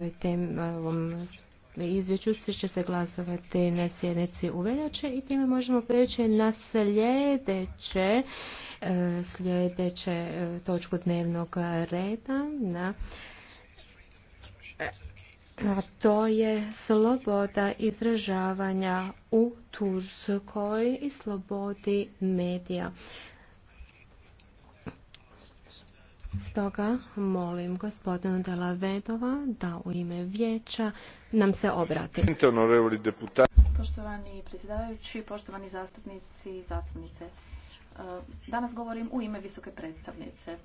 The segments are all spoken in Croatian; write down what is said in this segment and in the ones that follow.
Ovaj tem, ovom izvješću će se glasovati na sjednici u veljače i time možemo preći na sljedeće e, sljedeće e, točku dnevnog reda na e, a to je sloboda izražavanja u Turskoj i slobodi medija. Stoga molim gospodina Vedova da u ime vijeća nam se obrati. Poštovani predsjedavajući, poštovani zastupnici i zastupnice, e, danas govorim u ime visoke predstavnice.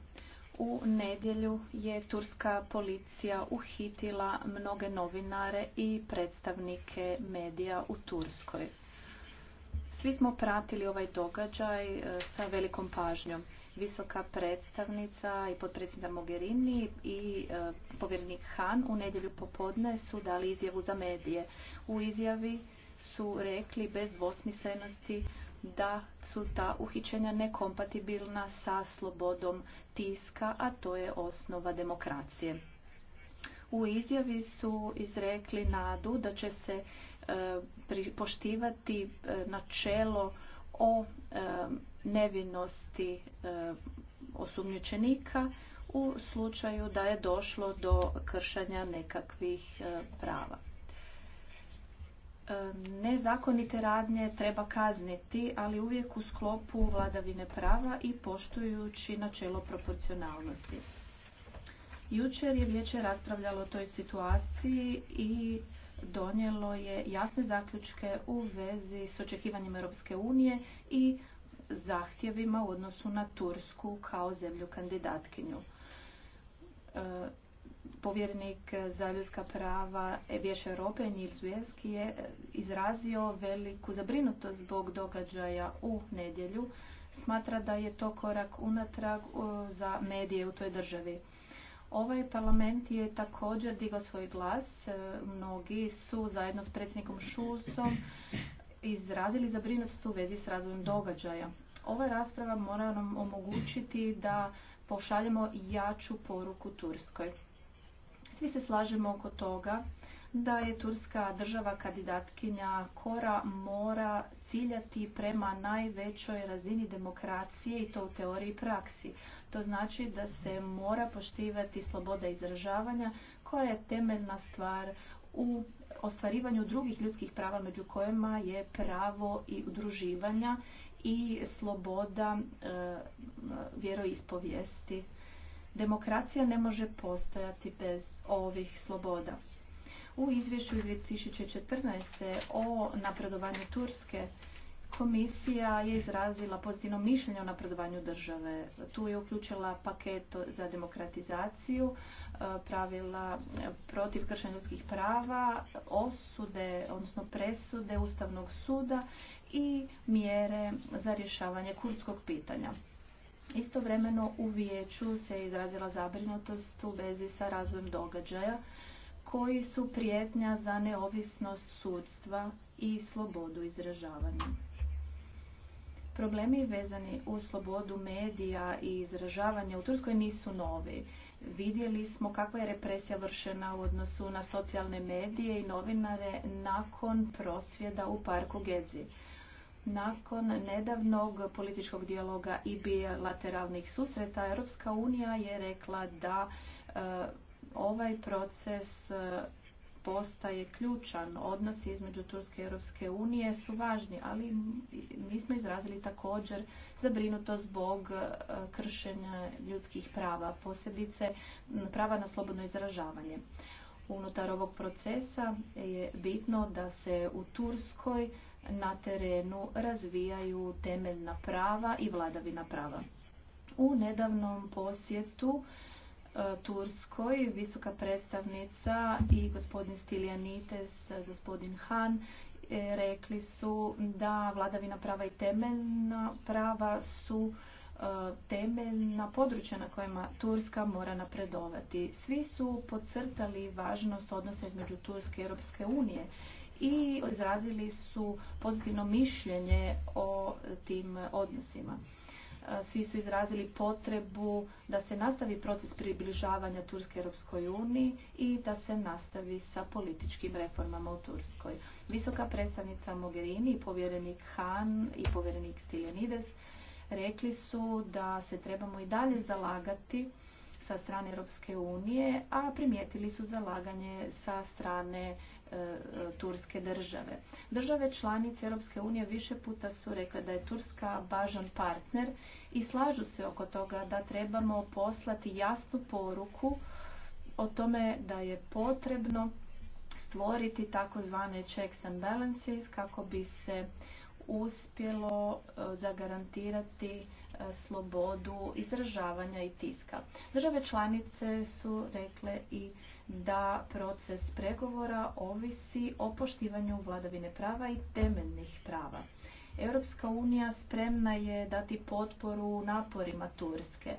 U nedjelju je turska policija uhitila mnoge novinare i predstavnike medija u Turskoj. Svi smo pratili ovaj događaj e, sa velikom pažnjom visoka predstavnica i potpredsjednica Mogherini i e, povjerenik Han u nedjelju popodne su dali izjavu za medije. U izjavi su rekli bez dvosmislenosti da su ta uhićenja nekompatibilna sa slobodom tiska, a to je osnova demokracije. U izjavi su izrekli nadu da će se e, poštivati e, načelo o nevinosti e, osumnjičenika u slučaju da je došlo do kršanja nekakvih e, prava. E, nezakonite radnje treba kazniti, ali uvijek u sklopu vladavine prava i poštujući načelo proporcionalnosti. Jučer je vijeće raspravljalo o toj situaciji i donijelo je jasne zaključke u vezi s očekivanjem Europske unije i zahtjevima u odnosu na Tursku kao zemlju kandidatkinju. E, Povjernik za ljudska prava Vijeća Europe Nils je izrazio veliku zabrinutost zbog događaja u nedjelju. Smatra da je to korak unatrag e, za medije u toj državi. Ovaj parlament je također digao svoj glas. E, mnogi su zajedno s predsjednikom Šulcom izrazili zabrinutost u vezi s razvojem mm. događaja. Ova rasprava mora nam omogućiti da pošaljemo jaču poruku Turskoj. Svi se slažemo oko toga da je Turska država kandidatkinja Kora mora ciljati prema najvećoj razini demokracije i to u teoriji i praksi. To znači da se mora poštivati sloboda izražavanja koja je temeljna stvar u ostvarivanju drugih ljudskih prava među kojima je pravo i udruživanja i sloboda e, vjeroispovijesti. Demokracija ne može postojati bez ovih sloboda. U izvješću iz 2014. o napredovanju Turske Komisija je izrazila pozitivno mišljenje o napredovanju države. Tu je uključila paket za demokratizaciju, e, pravila protiv kršenja ljudskih prava, osude, odnosno presude Ustavnog suda i mjere za rješavanje kurdskog pitanja. Istovremeno u vijeću se izrazila zabrinutost u vezi sa razvojem događaja koji su prijetnja za neovisnost sudstva i slobodu izražavanja. Problemi vezani uz slobodu medija i izražavanja u Turskoj nisu novi. Vidjeli smo kakva je represija vršena u odnosu na socijalne medije i novinare nakon prosvjeda u parku Gezi. Nakon nedavnog političkog dijaloga i bilateralnih susreta, Europska unija je rekla da e, ovaj proces postaje ključan. Odnosi između Turske i Europske unije su važni, ali mi smo izrazili također zabrinuto zbog e, kršenja ljudskih prava, posebice prava na slobodno izražavanje. Unutar ovog procesa je bitno da se u Turskoj na terenu razvijaju temeljna prava i vladavina prava. U nedavnom posjetu E, Turskoj, visoka predstavnica i gospodin Stilianites, e, gospodin Han e, rekli su da vladavina prava i temeljna prava su temeljna područja na kojima Turska mora napredovati. Svi su podcrtali važnost odnosa između Turske i Europske unije i izrazili su pozitivno mišljenje o tim odnosima svi su izrazili potrebu da se nastavi proces približavanja Turske Europskoj uniji i da se nastavi sa političkim reformama u Turskoj. Visoka predstavnica Mogherini i povjerenik Han i povjerenik Stiljanides rekli su da se trebamo i dalje zalagati sa strane Europske unije, a primijetili su zalaganje sa strane E, turske države. Države članice Europske unije više puta su rekle da je Turska važan partner i slažu se oko toga da trebamo poslati jasnu poruku o tome da je potrebno stvoriti takozvane checks and balances kako bi se uspjelo e, zagarantirati slobodu izražavanja i tiska. Države članice su rekle i da proces pregovora ovisi o poštivanju vladavine prava i temeljnih prava. Europska unija spremna je dati potporu naporima Turske.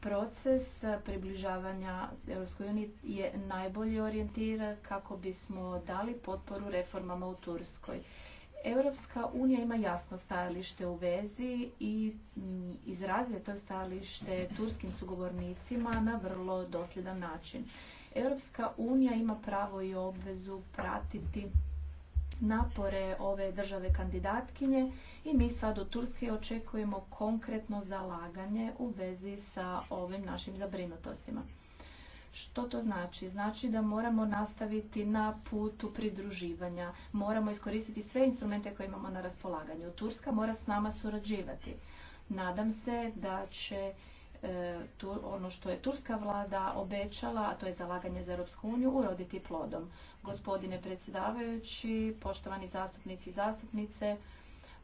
Proces približavanja Europskoj uniji je najbolji orijentiran kako bismo dali potporu reformama u Turskoj. Europska unija ima jasno stajalište u vezi i mm, izrazuje to stajalište turskim sugovornicima na vrlo dosljedan način. Europska unija ima pravo i obvezu pratiti napore ove države kandidatkinje i mi sad od Turske očekujemo konkretno zalaganje u vezi sa ovim našim zabrinutostima. Što to znači? Znači da moramo nastaviti na putu pridruživanja, moramo iskoristiti sve instrumente koje imamo na raspolaganju. Turska mora s nama surađivati. Nadam se da će e, ono što je turska vlada obećala, a to je zalaganje za Europsku uniju, uroditi plodom. Gospodine predsjedavajući, poštovani zastupnici i zastupnice,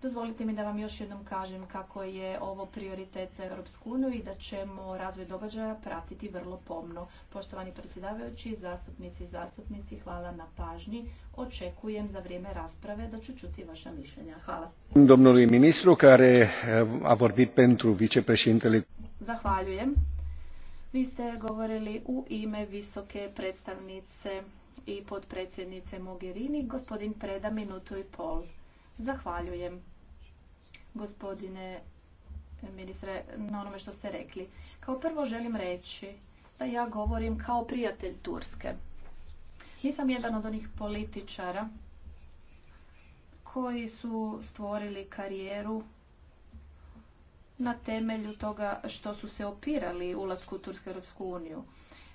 Dozvolite mi da vam još jednom kažem kako je ovo prioritet za Europsku uniju i da ćemo razvoj događaja pratiti vrlo pomno. Poštovani predsjedavajući, zastupnici i zastupnici, hvala na pažnji. Očekujem za vrijeme rasprave da ću čuti vaša mišljenja. Hvala. Domnului ministru care eh, a Zahvaljujem. Vi ste govorili u ime visoke predstavnice i potpredsjednice Mogherini. Gospodin Preda, minutu i pol. Zahvaljujem gospodine ministre na onome što ste rekli. Kao prvo želim reći da ja govorim kao prijatelj Turske. Nisam jedan od onih političara koji su stvorili karijeru na temelju toga što su se opirali ulasku Turske u Europsku uniju.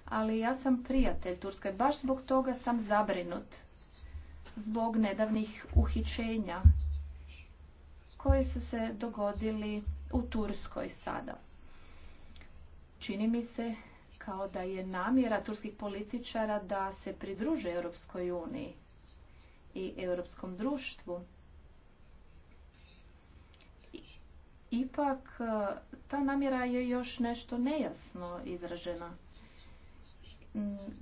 Ali ja sam prijatelj Turske, baš zbog toga sam zabrinut zbog nedavnih uhićenja koji su se dogodili u Turskoj sada. Čini mi se kao da je namjera turskih političara da se pridruže Europskoj uniji i europskom društvu. Ipak, ta namjera je još nešto nejasno izražena.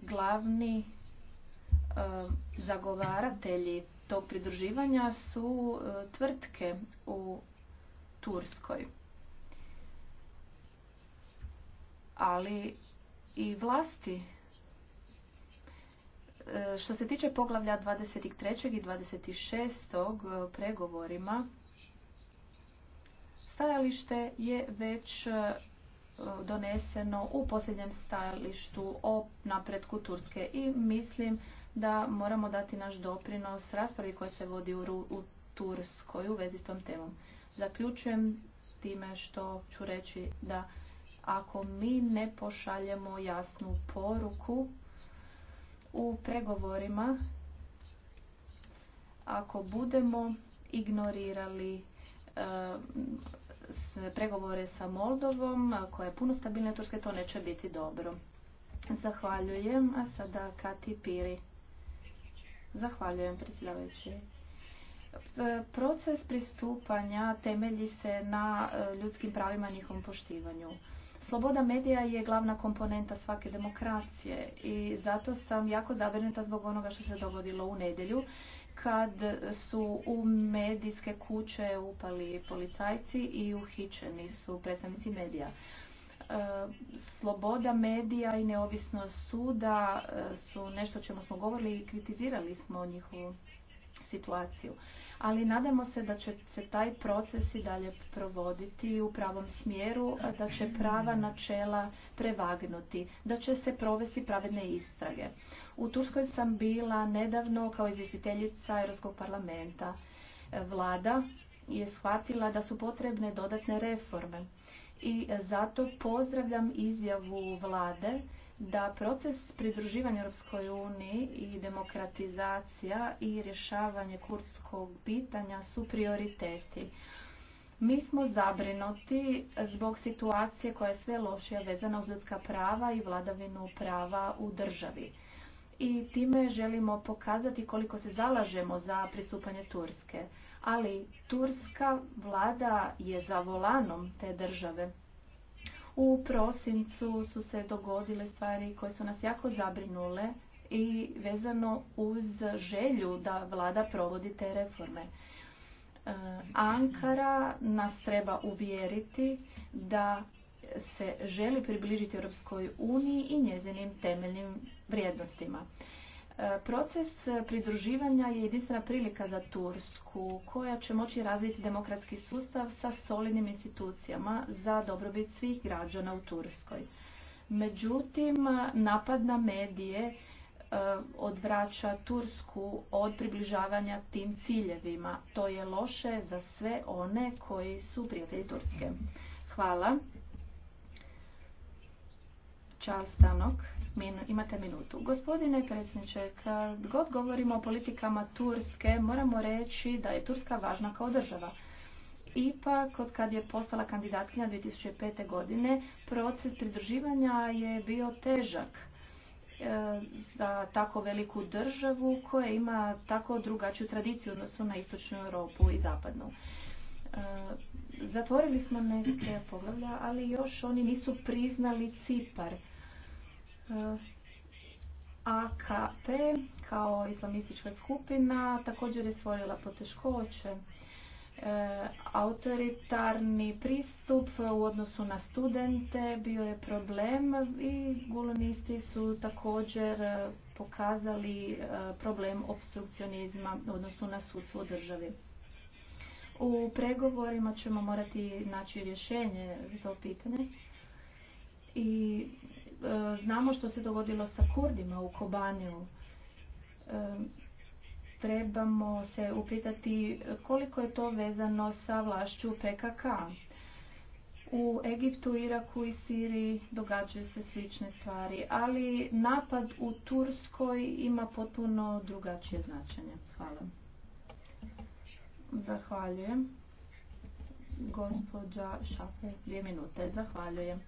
Glavni E, zagovaratelji tog pridruživanja su e, tvrtke u Turskoj. Ali i vlasti. E, što se tiče poglavlja 23. i 26. pregovorima, stajalište je već doneseno u posljednjem stajalištu o napretku Turske i mislim da moramo dati naš doprinos raspravi koja se vodi u, u Turskoj u vezi s tom temom. Zaključujem time što ću reći da ako mi ne pošaljemo jasnu poruku u pregovorima, ako budemo ignorirali e, pregovore sa Moldovom, koja je puno stabilnija Turske, to neće biti dobro. Zahvaljujem, a sada Kati Piri. Zahvaljujem predsjedavajući. E, proces pristupanja temelji se na e, ljudskim pravima i njihovom poštivanju. Sloboda medija je glavna komponenta svake demokracije i zato sam jako zabrinuta zbog onoga što se dogodilo u nedjelju kad su u medijske kuće upali policajci i uhičeni su predstavnici medija. E, sloboda medija i neovisnost suda e, su nešto o čemu smo govorili i kritizirali smo njihovu situaciju. Ali nadamo se da će se taj proces i dalje provoditi u pravom smjeru, da će prava načela prevagnuti, da će se provesti pravedne istrage. U Turskoj sam bila nedavno kao izvjestiteljica Europskog parlamenta. E, Vlada je shvatila da su potrebne dodatne reforme i zato pozdravljam izjavu vlade da proces pridruživanja Europskoj uniji i demokratizacija i rješavanje kurdskog pitanja su prioriteti. Mi smo zabrinuti zbog situacije koja je sve lošija vezana uz ljudska prava i vladavinu prava u državi. I time želimo pokazati koliko se zalažemo za pristupanje Turske ali turska vlada je za volanom te države. U prosincu su se dogodile stvari koje su nas jako zabrinule i vezano uz želju da vlada provodi te reforme. E, Ankara nas treba uvjeriti da se želi približiti Europskoj uniji i njezinim temeljnim vrijednostima. Proces pridruživanja je jedinstvena prilika za Tursku koja će moći razviti demokratski sustav sa solidnim institucijama za dobrobit svih građana u Turskoj. Međutim, napad na medije e, odvraća Tursku od približavanja tim ciljevima. To je loše za sve one koji su prijatelji Turske. Hvala. Charles Stanok imate minutu. Gospodine predsjedniče, kad god govorimo o politikama Turske, moramo reći da je Turska važna kao država. Ipak, od kad je postala kandidatkinja 2005. godine, proces pridruživanja je bio težak e, za tako veliku državu koja ima tako drugačiju tradiciju odnosno na istočnu Europu i zapadnu. E, zatvorili smo neke poglavlja, ali još oni nisu priznali Cipar. AKP kao islamistička skupina također je stvorila poteškoće. E, autoritarni pristup u odnosu na studente bio je problem i gulonisti su također pokazali e, problem obstrukcionizma u odnosu na sudstvo državi. U pregovorima ćemo morati naći rješenje za to pitanje i E, znamo što se dogodilo sa Kurdima u Kobaniju. E, trebamo se upitati koliko je to vezano sa vlašću PKK. U Egiptu, Iraku i Siriji događaju se slične stvari, ali napad u Turskoj ima potpuno drugačije značenje. Hvala. Zahvaljujem. Gospođa Šafe, dvije minute. Zahvaljujem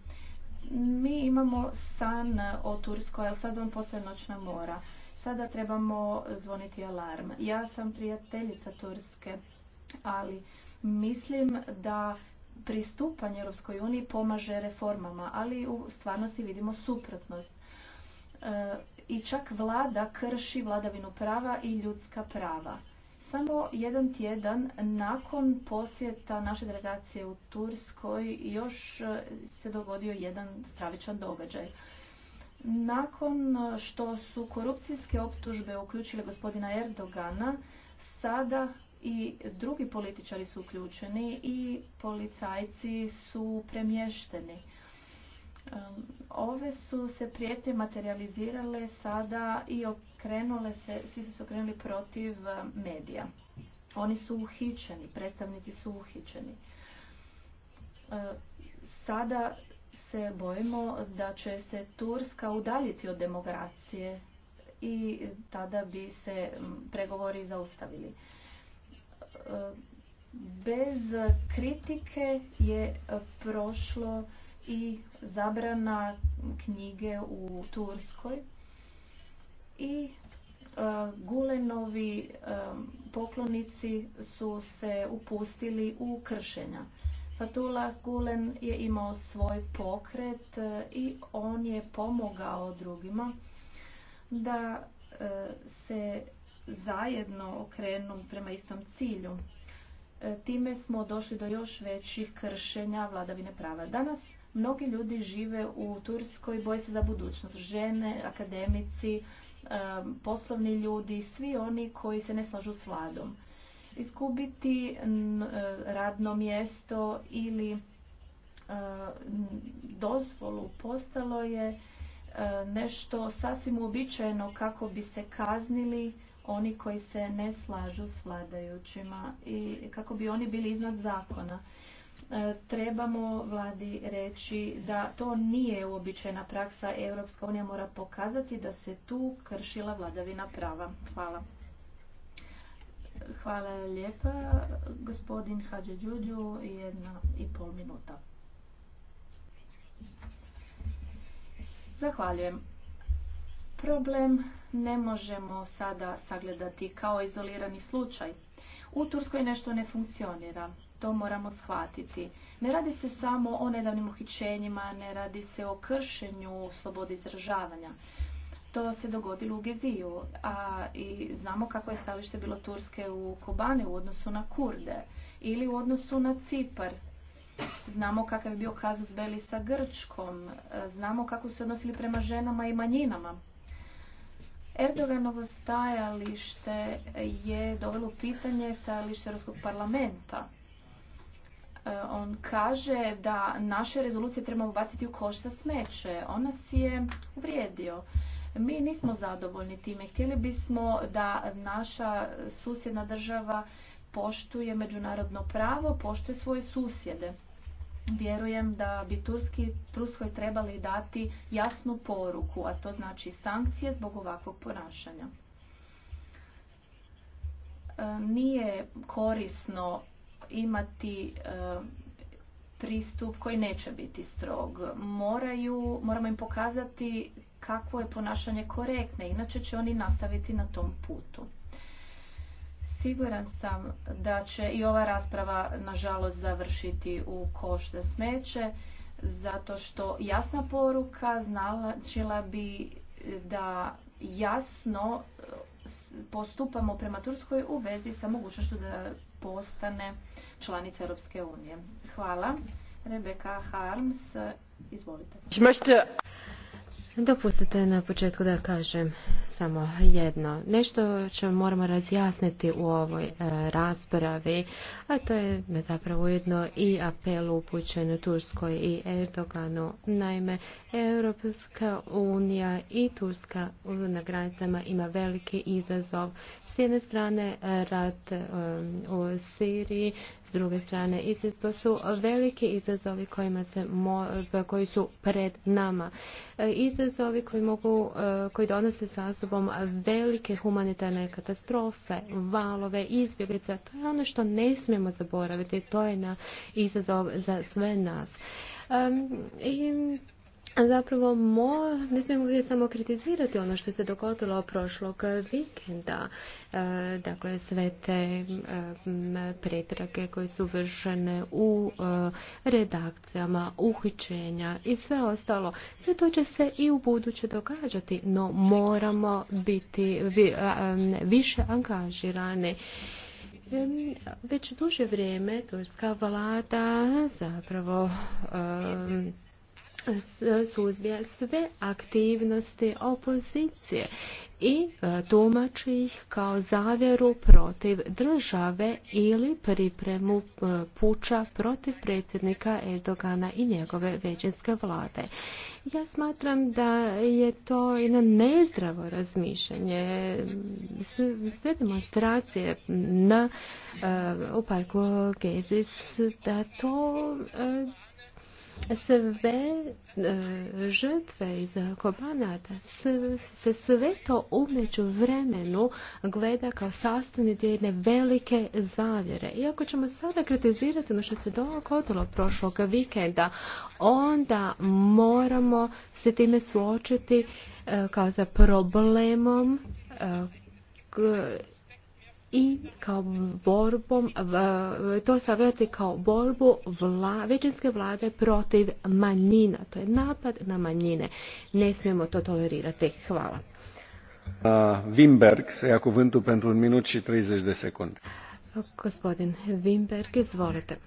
mi imamo san eh, o Turskoj, ali sad on postaje noćna mora. Sada trebamo zvoniti alarm. Ja sam prijateljica Turske, ali mislim da pristupanje Europskoj uniji pomaže reformama, ali u stvarnosti vidimo suprotnost. Eh, I čak vlada krši vladavinu prava i ljudska prava samo jedan tjedan nakon posjeta naše delegacije u Turskoj još e, se dogodio jedan stravičan događaj. Nakon e, što su korupcijske optužbe uključile gospodina Erdogana, sada i drugi političari su uključeni i policajci su premješteni. Ove su se prijetnje materializirale sada i krenule se, svi su se okrenuli protiv e, medija. Oni su uhićeni, predstavnici su uhićeni. E, sada se bojimo da će se Turska udaljiti od demokracije i tada bi se pregovori zaustavili. E, bez kritike je prošlo i zabrana knjige u Turskoj i e, Gulenovi e, poklonici su se upustili u kršenja. Fatula Gulen je imao svoj pokret e, i on je pomogao drugima da se zajedno okrenu prema istom cilju. Time smo došli do još većih kršenja vladavine prava. Danas mnogi ljudi žive u Turskoj, boje se za budućnost. Žene, akademici, Um, poslovni ljudi, svi oni koji se ne slažu s vladom. Izgubiti uh, radno mjesto ili uh, dozvolu postalo je uh, nešto sasvim uobičajeno kako bi se kaznili oni koji se ne slažu s vladajućima i kako bi oni bili iznad zakona. E, trebamo vladi reći da to nije uobičajena praksa. Europska unija mora pokazati da se tu kršila vladavina prava. Hvala. Hvala lijepa. Gospodin Hadži jedna i pol minuta. Zahvaljujem. Problem ne možemo sada sagledati kao izolirani slučaj u Turskoj nešto ne funkcionira. To moramo shvatiti. Ne radi se samo o nedavnim uhićenjima, ne radi se o kršenju slobode izražavanja. To se dogodilo u Geziju, a i znamo kako je stavište bilo Turske u Kobane u odnosu na Kurde ili u odnosu na Cipar. Znamo kakav je bio kazus Beli sa Grčkom, znamo kako su odnosili prema ženama i manjinama. Erdoganovo stajalište je dovelo pitanje stajalište Europskog parlamenta. E, on kaže da naše rezolucije trebamo ubaciti u koš sa smeće. On nas je uvrijedio. Mi nismo zadovoljni time. Htjeli bismo da naša susjedna država poštuje međunarodno pravo, poštuje svoje susjede vjerujem da bi Turski, Turskoj trebali dati jasnu poruku, a to znači sankcije zbog ovakvog ponašanja. E, nije korisno imati e, pristup koji neće biti strog. Moraju, moramo im pokazati kakvo je ponašanje korektno, inače će oni nastaviti na tom putu. Siguran sam da će i ova rasprava nažalost završiti u koš za smeće zato što jasna poruka značila bi da jasno postupamo prema Turskoj u vezi sa mogućnošću da postane članica Europske unije. Hvala. Rebeka Harms, izvolite. Dopustite na početku da kažem samo jedno. Nešto ćemo moramo razjasniti u ovoj e, raspravi, a to je zapravo jedno i apel upućen Turskoj i Erdoganu. Naime, Europska unija i Turska na granicama ima veliki izazov s jedne strane e, rat e, u Siriji, s druge strane ISIS, to su veliki izazovi kojima se e, koji su pred nama. Izazovi koji mogu, koji donose sa sobom velike humanitarne katastrofe, valove, izbjeglica, to je ono što ne smijemo zaboraviti, to je na izazov za sve nas. I Zapravo, ne smijemo samo kritizirati ono što se dogodilo prošlog vikenda. E, dakle, sve te pretrage koje su vršene u e, redakcijama, uhićenja i sve ostalo. Sve to će se i u buduće događati, no moramo biti više angažirani. Već duže vrijeme turska vlada zapravo suzbija sve aktivnosti opozicije i e, tumači ih kao zavjeru protiv države ili pripremu e, puča protiv predsjednika Erdogana i njegove većinske vlade. Ja smatram da je to jedno nezdravo razmišljanje. Sve demonstracije na, e, u parku Gezis, da to sve e, žrtve iz kobanata, se sve to umeđu vremenu gleda kao sastavni dio jedne velike zavjere. Iako ćemo sada kritizirati ono što se dogodilo prošlog vikenda, onda moramo se time suočiti e, kao za problemom e, i kao borbom, to savjeti kao borbu vla, većinske vlade protiv manjina. To je napad na manjine. Ne smijemo to tolerirati. Hvala. Wimberg se ja cuvântul pentru un minut și 30 de secunde. Gospodin Wimberg, izvolite.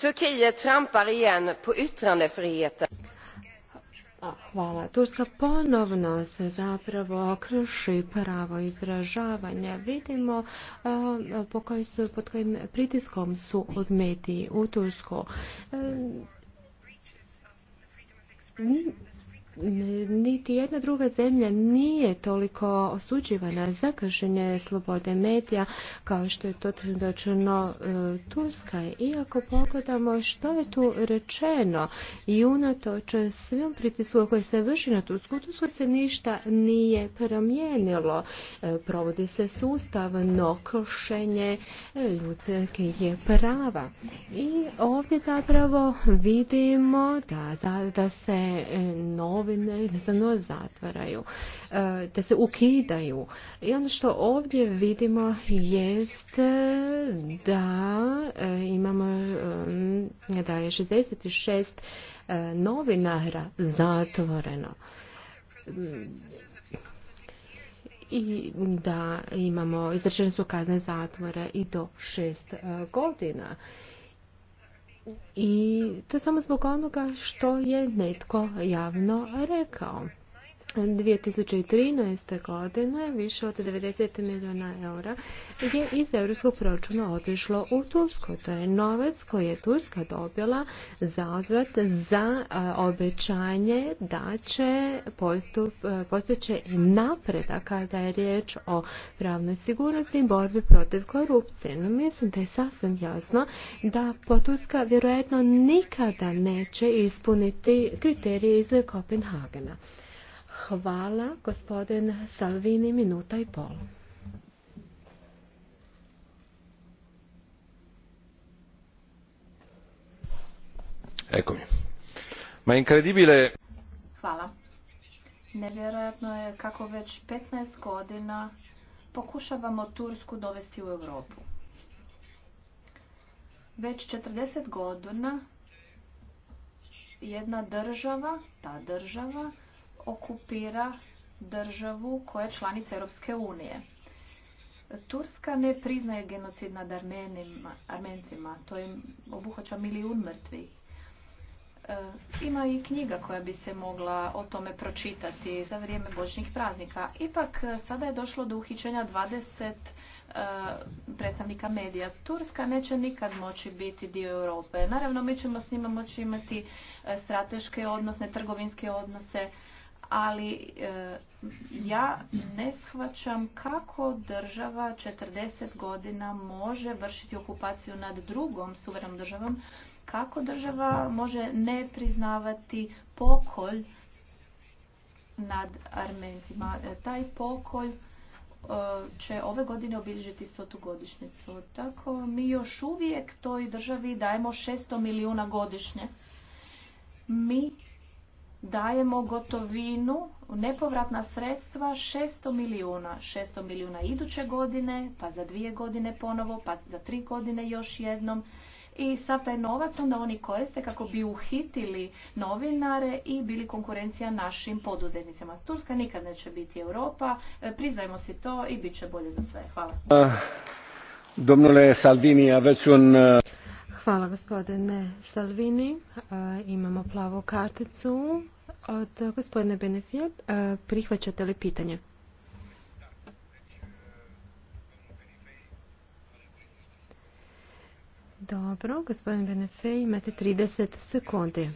Turkiet trampar igen på yttrandefriheten. Hvala. Turska ponovno se zapravo krši pravo izražavanja. Vidimo su, pod kojim pritiskom su od mediji u Tursku e, niti jedna druga zemlja nije toliko osuđivana za kršenje slobode medija kao što je to trenutno e, Turska. Iako pogledamo što je tu rečeno i unatoč svim pritisku koji se vrši na Tursku, Tursku se ništa nije promijenilo. E, provodi se sustavno kršenje e, ljudskih prava. I ovdje zapravo vidimo da, da se novi znam, no zatvaraju, e, da se ukidaju. I ono što ovdje vidimo jest e, da e, imamo da je 66 novinara zatvoreno i da imamo izrečene su kazne zatvora i do šest godina i to samo zbog onoga što je netko javno rekao. 2013. godine više od 90 milijuna eura je iz europskog proračuna otišlo u Tursku. To je novac koji je Turska dobila za odvrat za e, obećanje da će postojeće e, napreda kada je riječ o pravnoj sigurnosti i borbi protiv korupcije. No, mislim da je sasvim jasno da Turska vjerojatno nikada neće ispuniti kriterije iz Kopenhagena. Hvala, gospodin Salvini, minuta i pol. Ma Hvala. Nevjerojatno je kako već 15 godina pokušavamo Tursku dovesti u Europu. Već 40 godina jedna država, ta država, okupira državu koja je članica Europske unije. Turska ne priznaje genocid nad Armenima, Armencima, to im obuhvaća milijun mrtvih. E, ima i knjiga koja bi se mogla o tome pročitati za vrijeme bočnih praznika. Ipak e, sada je došlo do uhićenja 20 e, predstavnika medija. Turska neće nikad moći biti dio Europe. Naravno, mi ćemo s njima moći imati strateške odnosne, trgovinske odnose, ali e, ja ne shvaćam kako država 40 godina može vršiti okupaciju nad drugom suverenom državom, kako država može ne priznavati pokolj nad Armencima. E, taj pokolj e, će ove godine obilježiti stotu godišnjicu. Tako mi još uvijek toj državi dajemo 600 milijuna godišnje. Mi dajemo gotovinu, nepovratna sredstva 600 milijuna. 600 milijuna iduće godine, pa za dvije godine ponovo, pa za tri godine još jednom. I sav taj novac onda oni koriste kako bi uhitili novinare i bili konkurencija našim poduzetnicama. Turska nikad neće biti Europa, e, priznajmo si to i bit će bolje za sve. Hvala. Eh, eh, Hvala gospodine Salvini. E, imamo plavu karticu od gospodine Benefija. E, prihvaćate li pitanje? Dobro, gospodin Benefej, imate 30 sekundi.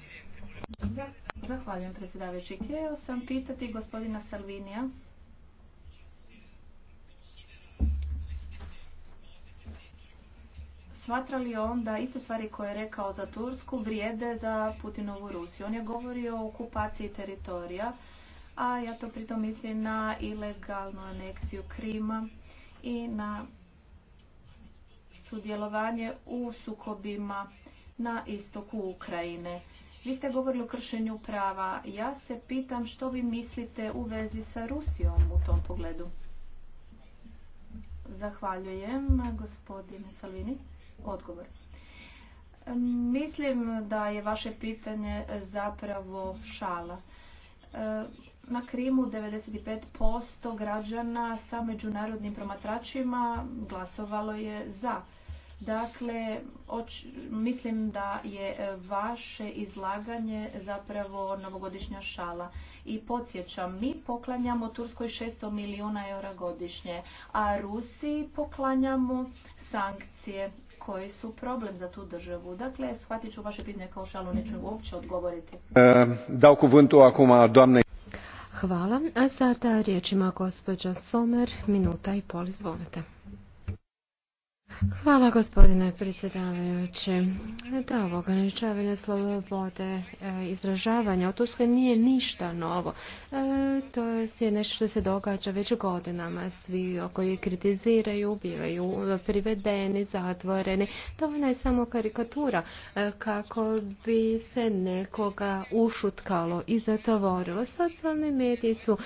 Zahvaljujem predsjedavajući. Htio sam pitati gospodina Salvinija smatra li on da iste stvari koje je rekao za Tursku vrijede za Putinovu Rusiju? On je govorio o okupaciji teritorija, a ja to pritom mislim na ilegalnu aneksiju Krima i na sudjelovanje u sukobima na istoku Ukrajine. Vi ste govorili o kršenju prava. Ja se pitam što vi mislite u vezi sa Rusijom u tom pogledu. Zahvaljujem, gospodine Salvini odgovor. Mislim da je vaše pitanje zapravo šala. Na Krimu 95% građana sa međunarodnim promatračima glasovalo je za. Dakle, mislim da je vaše izlaganje zapravo novogodišnja šala. I podsjećam, mi poklanjamo Turskoj 600 milijuna eura godišnje, a Rusiji poklanjamo sankcije koji su problem za tu državu. Dakle, shvatit ću vaše pitanje kao šalu, neću mhm. uopće odgovoriti. E, Dao ako ma domne. Hvala. A sada riječima gospođa Somer, minuta i pol, izvolite. Hvala gospodine predsjedavajući. Da, ovo ograničavanje slobode e, izražavanja u nije ništa novo. E, to je nešto što se događa već godinama. Svi koji kritiziraju bivaju privedeni, zatvoreni. To je samo karikatura e, kako bi se nekoga ušutkalo i zatvorilo. Socijalni mediji su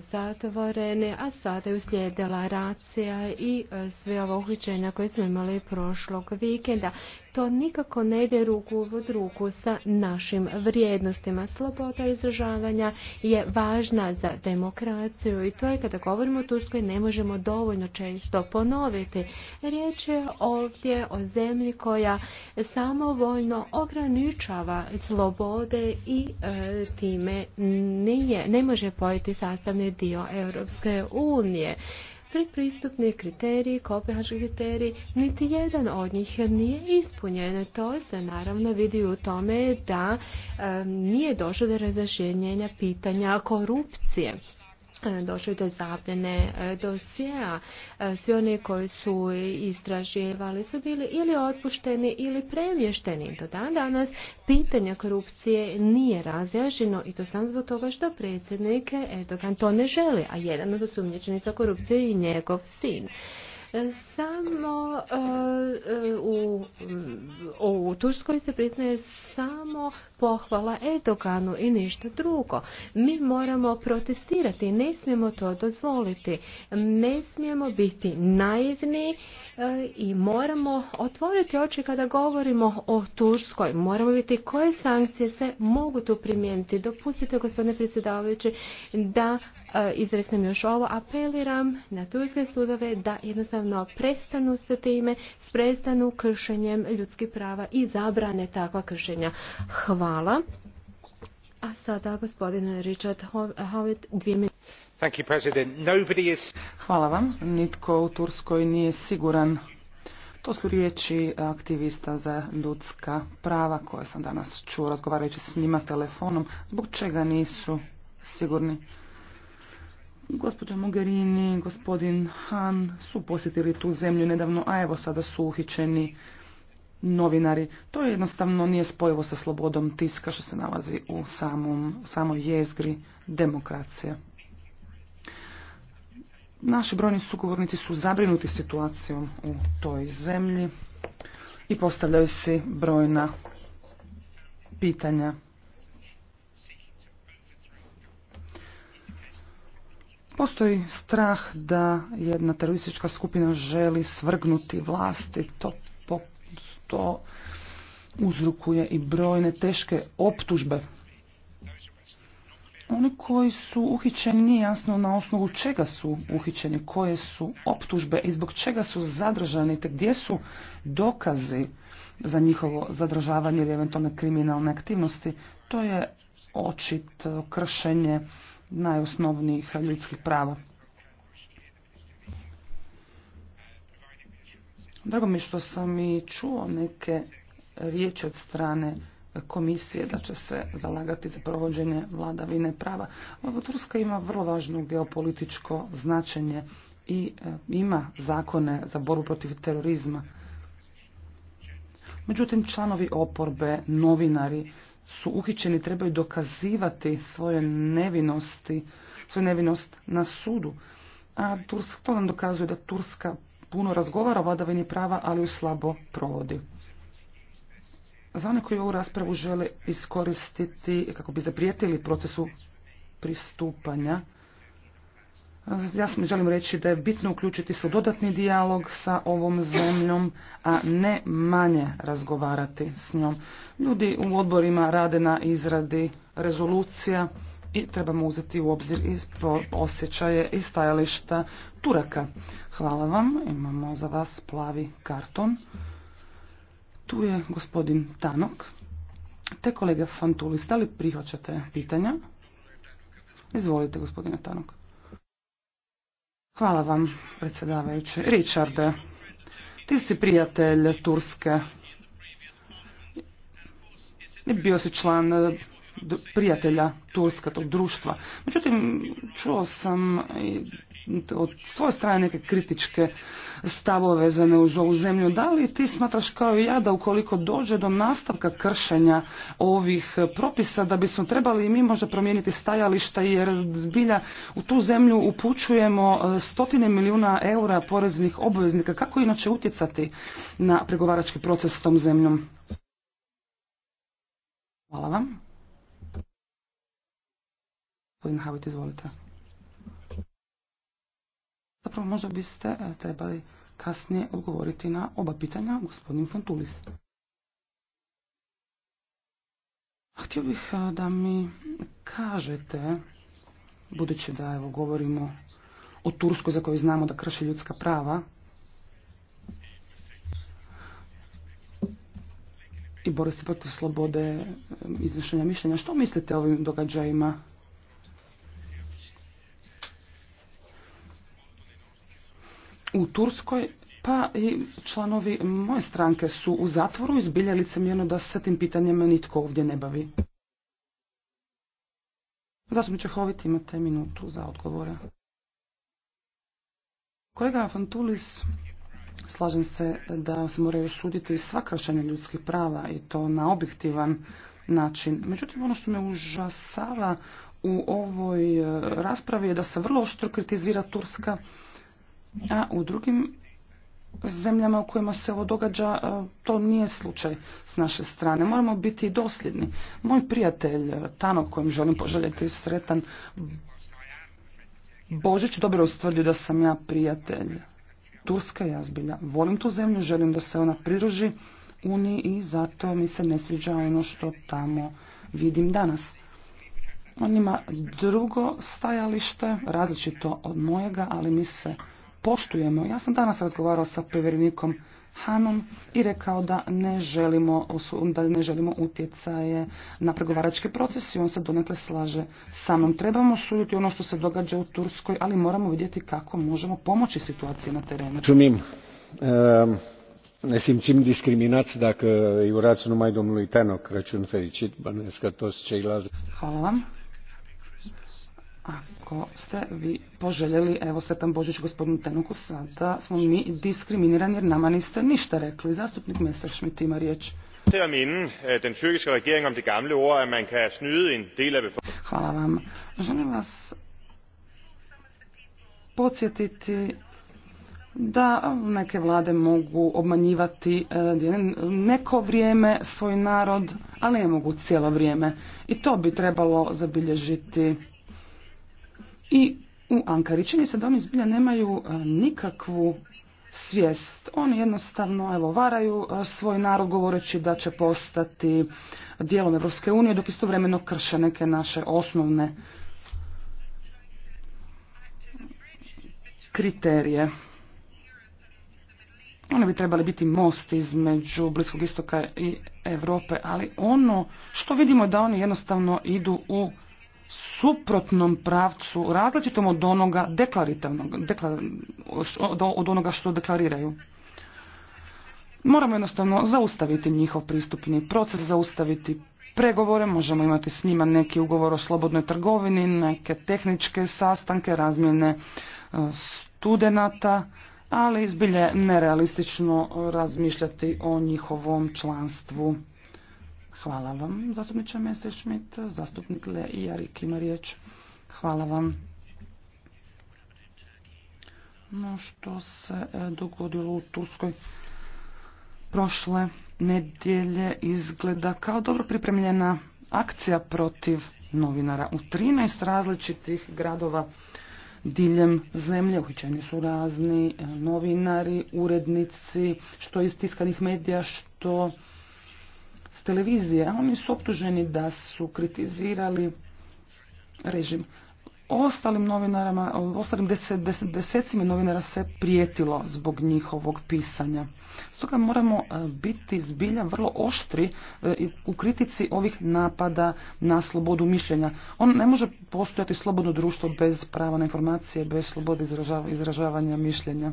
zatvoreni, a sada je uslijedila racija i sve ovo uhićenja koje koje smo imali prošlog vikenda. To nikako ne ide ruku u ruku sa našim vrijednostima. Sloboda izražavanja je važna za demokraciju i to je kada govorimo o Turskoj ne možemo dovoljno često ponoviti. Riječ je ovdje o zemlji koja samovoljno ograničava slobode i e, time nije, ne može pojeti sastavni dio Europske unije. Predpristupni kriteriji, kopenhaški kriteriji, niti jedan od njih nije ispunjen. To se naravno vidi u tome da nije došlo do razrešenja pitanja korupcije. E, došli do zapljene e, dosjea. E, svi oni koji su istraživali su bili ili otpušteni ili premješteni. Do dan danas pitanje korupcije nije razjaženo i to samo zbog toga što predsjednik Erdogan to ne želi, a jedan od osumnječenica korupcije je njegov sin. Samo e, u, Turskoj se priznaje samo pohvala Erdoganu i ništa drugo. Mi moramo protestirati, ne smijemo to dozvoliti. Ne smijemo biti naivni e, i moramo otvoriti oči kada govorimo o Turskoj. Moramo vidjeti koje sankcije se mogu tu primijeniti. Dopustite, gospodine predsjedavajući, da E, izreknem još ovo, apeliram na turske sudove da jednostavno prestanu se time, prestanu kršenjem ljudskih prava i zabrane takva kršenja. Hvala. A sada gospodine Richard Howitt, Hvala vam. Nitko u Turskoj nije siguran. To su riječi aktivista za ljudska prava koje sam danas čuo razgovarajući s njima telefonom. Zbog čega nisu sigurni? Gospođa Mogherini, gospodin Han su posjetili tu zemlju nedavno, a evo sada su uhićeni novinari. To jednostavno nije spojivo sa slobodom tiska što se nalazi u samom, samoj jezgri demokracije. Naši brojni sugovornici su zabrinuti situacijom u toj zemlji i postavljaju si brojna pitanja. Postoji strah da jedna teroristička skupina želi svrgnuti vlast i to, po, to uzrukuje i brojne teške optužbe. Oni koji su uhićeni nije jasno na osnovu čega su uhićeni, koje su optužbe i zbog čega su zadržani, te gdje su dokazi za njihovo zadržavanje ili eventualne kriminalne aktivnosti. To je očit, kršenje najosnovnijih ljudskih prava. Drago mi što sam i čuo neke riječi od strane komisije da će se zalagati za provođenje vladavine prava. Ovo Turska ima vrlo važno geopolitičko značenje i e, ima zakone za borbu protiv terorizma. Međutim, članovi oporbe, novinari su uhićeni trebaju dokazivati svoje nevinosti, svoju nevinost na sudu. A Tursk, to nam dokazuje da Turska puno razgovara o vladavini prava, ali ju slabo provodi. Za one koji ovu raspravu žele iskoristiti kako bi zaprijetili procesu pristupanja, Eh, ja sam želim reći da je bitno uključiti se dodatni dijalog sa ovom zemljom, a ne manje razgovarati s njom. Ljudi u odborima rade na izradi rezolucija i trebamo uzeti u obzir i osjećaje i stajališta Turaka. Hvala vam, imamo za vas plavi karton. Tu je gospodin Tanok. Te kolega Fantulis, da li prihvaćate pitanja? Izvolite gospodine Tanok. Hvala vam, predsjedavajući. Richard, ti si prijatelj Turske. Bio si član eh, prijatelja Turska, tog društva. Međutim, čuo sam od svoje strane neke kritičke stavove vezane uz ovu zemlju. Da li ti smatraš kao i ja da ukoliko dođe do nastavka kršenja ovih propisa da bismo trebali i mi možda promijeniti stajališta jer zbilja u tu zemlju upućujemo e, stotine milijuna eura poreznih obveznika. Kako inače utjecati na pregovarački proces s tom zemljom? Hvala vam. Zapravo možda biste e, trebali kasnije odgovoriti na oba pitanja, gospodin Fontulis. Htio bih e, da mi kažete, budući da evo govorimo o Turskoj za koju znamo da krši ljudska prava, i bore se protiv slobode e, iznošenja mišljenja. Što mislite o ovim događajima u Turskoj, pa i članovi moje stranke su u zatvoru i zbilja licemjerno da se tim pitanjem nitko ovdje ne bavi. Zastupniče Hovit, imate minutu za odgovore. Kolega Fantulis, slažem se da se moraju suditi sva ljudskih prava i to na objektivan način. Međutim, ono što me užasava u ovoj e, raspravi je da se vrlo oštro kritizira Turska a u drugim zemljama u kojima se ovo događa, e, to nije slučaj s naše strane. Moramo biti dosljedni. Moj prijatelj e, Tano, kojem želim poželjeti sretan Božić, dobro ustvrdio da sam ja prijatelj Turska, jazbilja. zbilja volim tu zemlju, želim da se ona priruži Uniji i zato mi se ne sviđa ono što tamo vidim danas. On ima drugo stajalište, različito od mojega, ali mi se poštujemo. Ja sam danas razgovarao sa povjerenikom Hanom i rekao da ne želimo, da ne želimo utjecaje na pregovarački proces i on se donekle slaže sa mnom. Trebamo suditi ono što se događa u Turskoj, ali moramo vidjeti kako možemo pomoći situaciji na terenu. Čumim, ne simțim discriminați dacă fericit, Hvala vam. Ako ste vi poželjeli, evo Svetan Božić gospodinu Tenuku, sada smo mi diskriminirani jer nama niste ništa rekli. Zastupnik Messerschmidt ima riječ. Hvala vam. Želim vas podsjetiti da neke vlade mogu obmanjivati eh, neko vrijeme svoj narod, ali ne mogu cijelo vrijeme. I to bi trebalo zabilježiti i u Ankari čini se da oni zbilja nemaju e, nikakvu svijest. Oni jednostavno evo, varaju e, svoj narod govoreći da će postati dijelom Evropske unije dok istovremeno krše neke naše osnovne kriterije. Oni bi trebali biti most između Bliskog istoka i Europe, ali ono što vidimo je da oni jednostavno idu u suprotnom pravcu, različitom od onoga deklarativnog, deklar, od onoga što deklariraju. Moramo jednostavno zaustaviti njihov pristupni proces, zaustaviti pregovore, možemo imati s njima neki ugovor o slobodnoj trgovini, neke tehničke sastanke, razmjene e, studenata, ali izbilje nerealistično razmišljati o njihovom članstvu. Hvala vam, zastupniče Messerschmidt. Zastupnik Le Jarik ima riječ. Hvala vam. No što se e, dogodilo u Turskoj prošle nedjelje izgleda kao dobro pripremljena akcija protiv novinara. U 13 različitih gradova diljem zemlje uhićeni su razni e, novinari, urednici, što iz tiskanih medija, što s televizije, oni su optuženi da su kritizirali režim. Ostalim novinarama, ostalim deset, desecima novinara se prijetilo zbog njihovog pisanja. Stoga moramo e, biti zbilja vrlo oštri e, u kritici ovih napada na slobodu mišljenja. On ne može postojati slobodno društvo bez prava na informacije, bez slobode izražavanja mišljenja.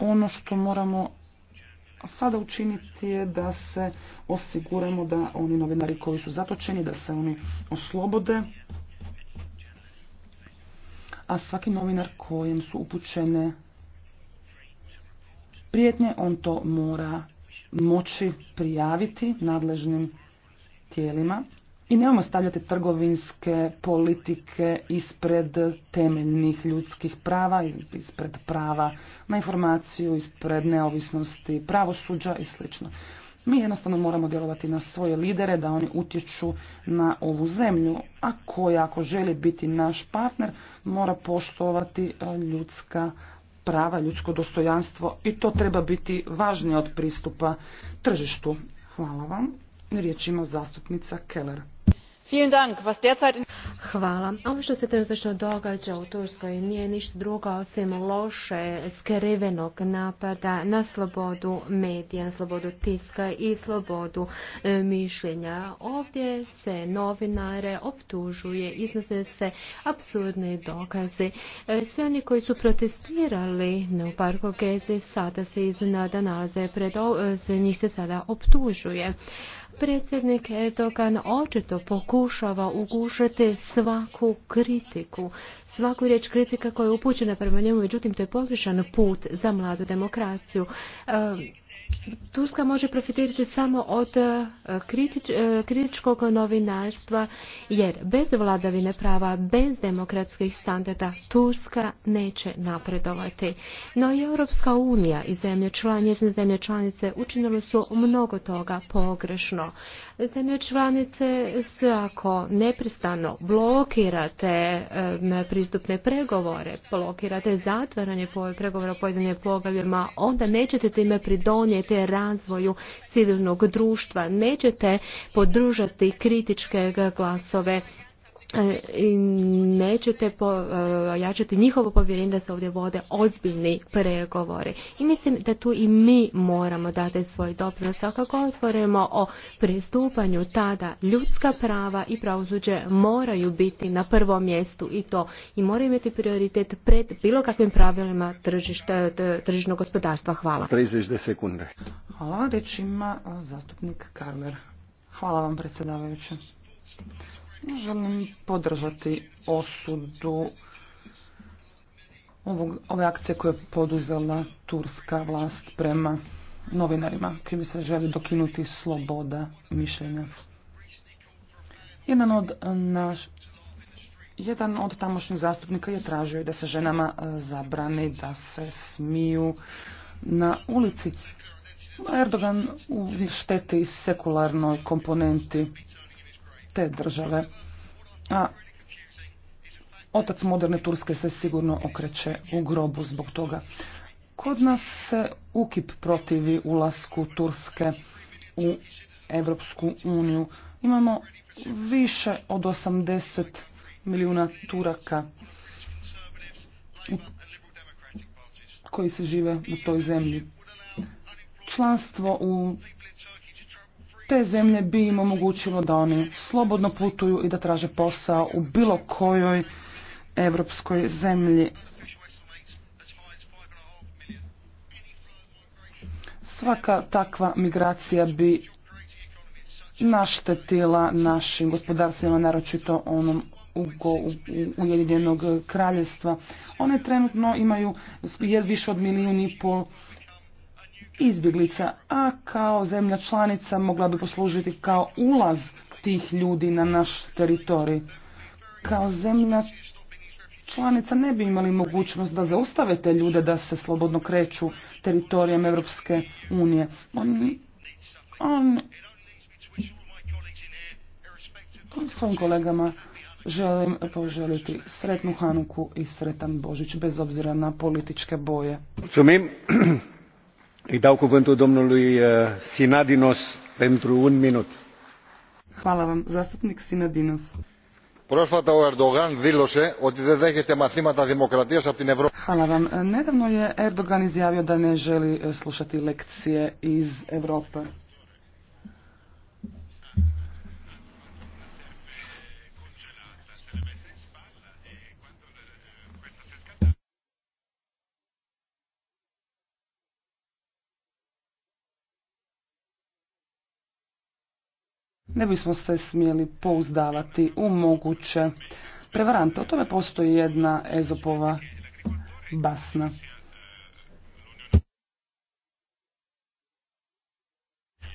Ono što moramo sada učiniti je da se osiguramo da oni novinari koji su zatočeni, da se oni oslobode, a svaki novinar kojem su upućene prijetnje, on to mora moći prijaviti nadležnim tijelima. I nemojmo stavljati trgovinske politike ispred temeljnih ljudskih prava, ispred prava na informaciju, ispred neovisnosti pravosuđa i sl. Mi jednostavno moramo djelovati na svoje lidere da oni utječu na ovu zemlju, a koja ako želi biti naš partner mora poštovati e, ljudska prava, ljudsko dostojanstvo i to treba biti važnije od pristupa tržištu. Hvala vam. Riječ ima zastupnica Keller. Hvala. Ovo što se trenutno događa u Turskoj nije ništa drugo osim loše skrivenog napada na slobodu medija, na slobodu tiska i slobodu e, mišljenja. Ovdje se novinare optužuje, iznose se apsurdni dokazi. E, Svi oni koji su protestirali u parku Gezi sada se iznada nalaze pred e, njih se sada optužuje. Predsjednik Erdogan očito pokušava ugušati svaku kritiku, svaku riječ kritika koja je upućena prema njemu, međutim to je pogrešan put za mladu demokraciju. Turska može profitirati samo od e, e, kritičkog novinarstva, jer bez vladavine prava, bez demokratskih standarda, Turska neće napredovati. No i Europska unija i zemlje zemlje članice učinili su mnogo toga pogrešno zemlje članice ako neprestano blokirate pristupne pregovore, blokirate zatvaranje pregovora pojedinim poglavljima, onda nećete time pridonijeti razvoju civilnog društva, nećete podržati kritičke glasove E, nećete e, jačati njihovo povjerenje da se ovdje vode ozbiljni pregovori. I mislim da tu i mi moramo dati svoj doprinos. A kako otvorimo o pristupanju tada ljudska prava i pravosuđe moraju biti na prvom mjestu i to i moraju imati prioritet pred bilo kakvim pravilima tržišnog gospodarstva. Hvala. 30 sekunde. Hvala. Reč ima zastupnik Karler. Hvala vam predsjedavajući. Želim podržati osudu ove akcije koje je poduzela turska vlast prema novinarima bi se želi dokinuti sloboda mišljenja. Jedan od naš, jedan od tamošnjih zastupnika je tražio da se ženama e, zabrani da se smiju na ulici. Erdogan šteti sekularnoj komponenti te države. A otac moderne Turske se sigurno okreće u grobu zbog toga. Kod nas se UKIP protivi ulasku Turske u Evropsku uniju. Imamo više od 80 milijuna Turaka koji se žive u toj zemlji. Članstvo u te zemlje bi im omogućilo da oni slobodno putuju i da traže posao u bilo kojoj evropskoj zemlji. Svaka takva migracija bi naštetila našim gospodarstvima, naročito onom Ujedinjenog kraljestva. One trenutno imaju više od milijun i pol izbjeglica, a kao zemlja članica mogla bi poslužiti kao ulaz tih ljudi na naš teritorij. Kao zemlja članica ne bi imali mogućnost da zaustave te ljude da se slobodno kreću teritorijem Europske unije. On, on svojim kolegama želim poželiti sretnu Hanuku i sretan Božić bez obzira na političke boje îi dau cuvântul domnului uh, Sinadinos pentru un minut. Hvala Zastupnik Sinadinos. Πρόσφατα ο Ερντογάν δήλωσε ότι δεν δέχεται μαθήματα δημοκρατίας από την Ευρώπη. Hvala vam. je Erdogan izjavio da ne želi e, slušati lekcije iz Europe. ne bismo se smjeli pouzdavati u moguće prevarante. O tome postoji jedna Ezopova basna.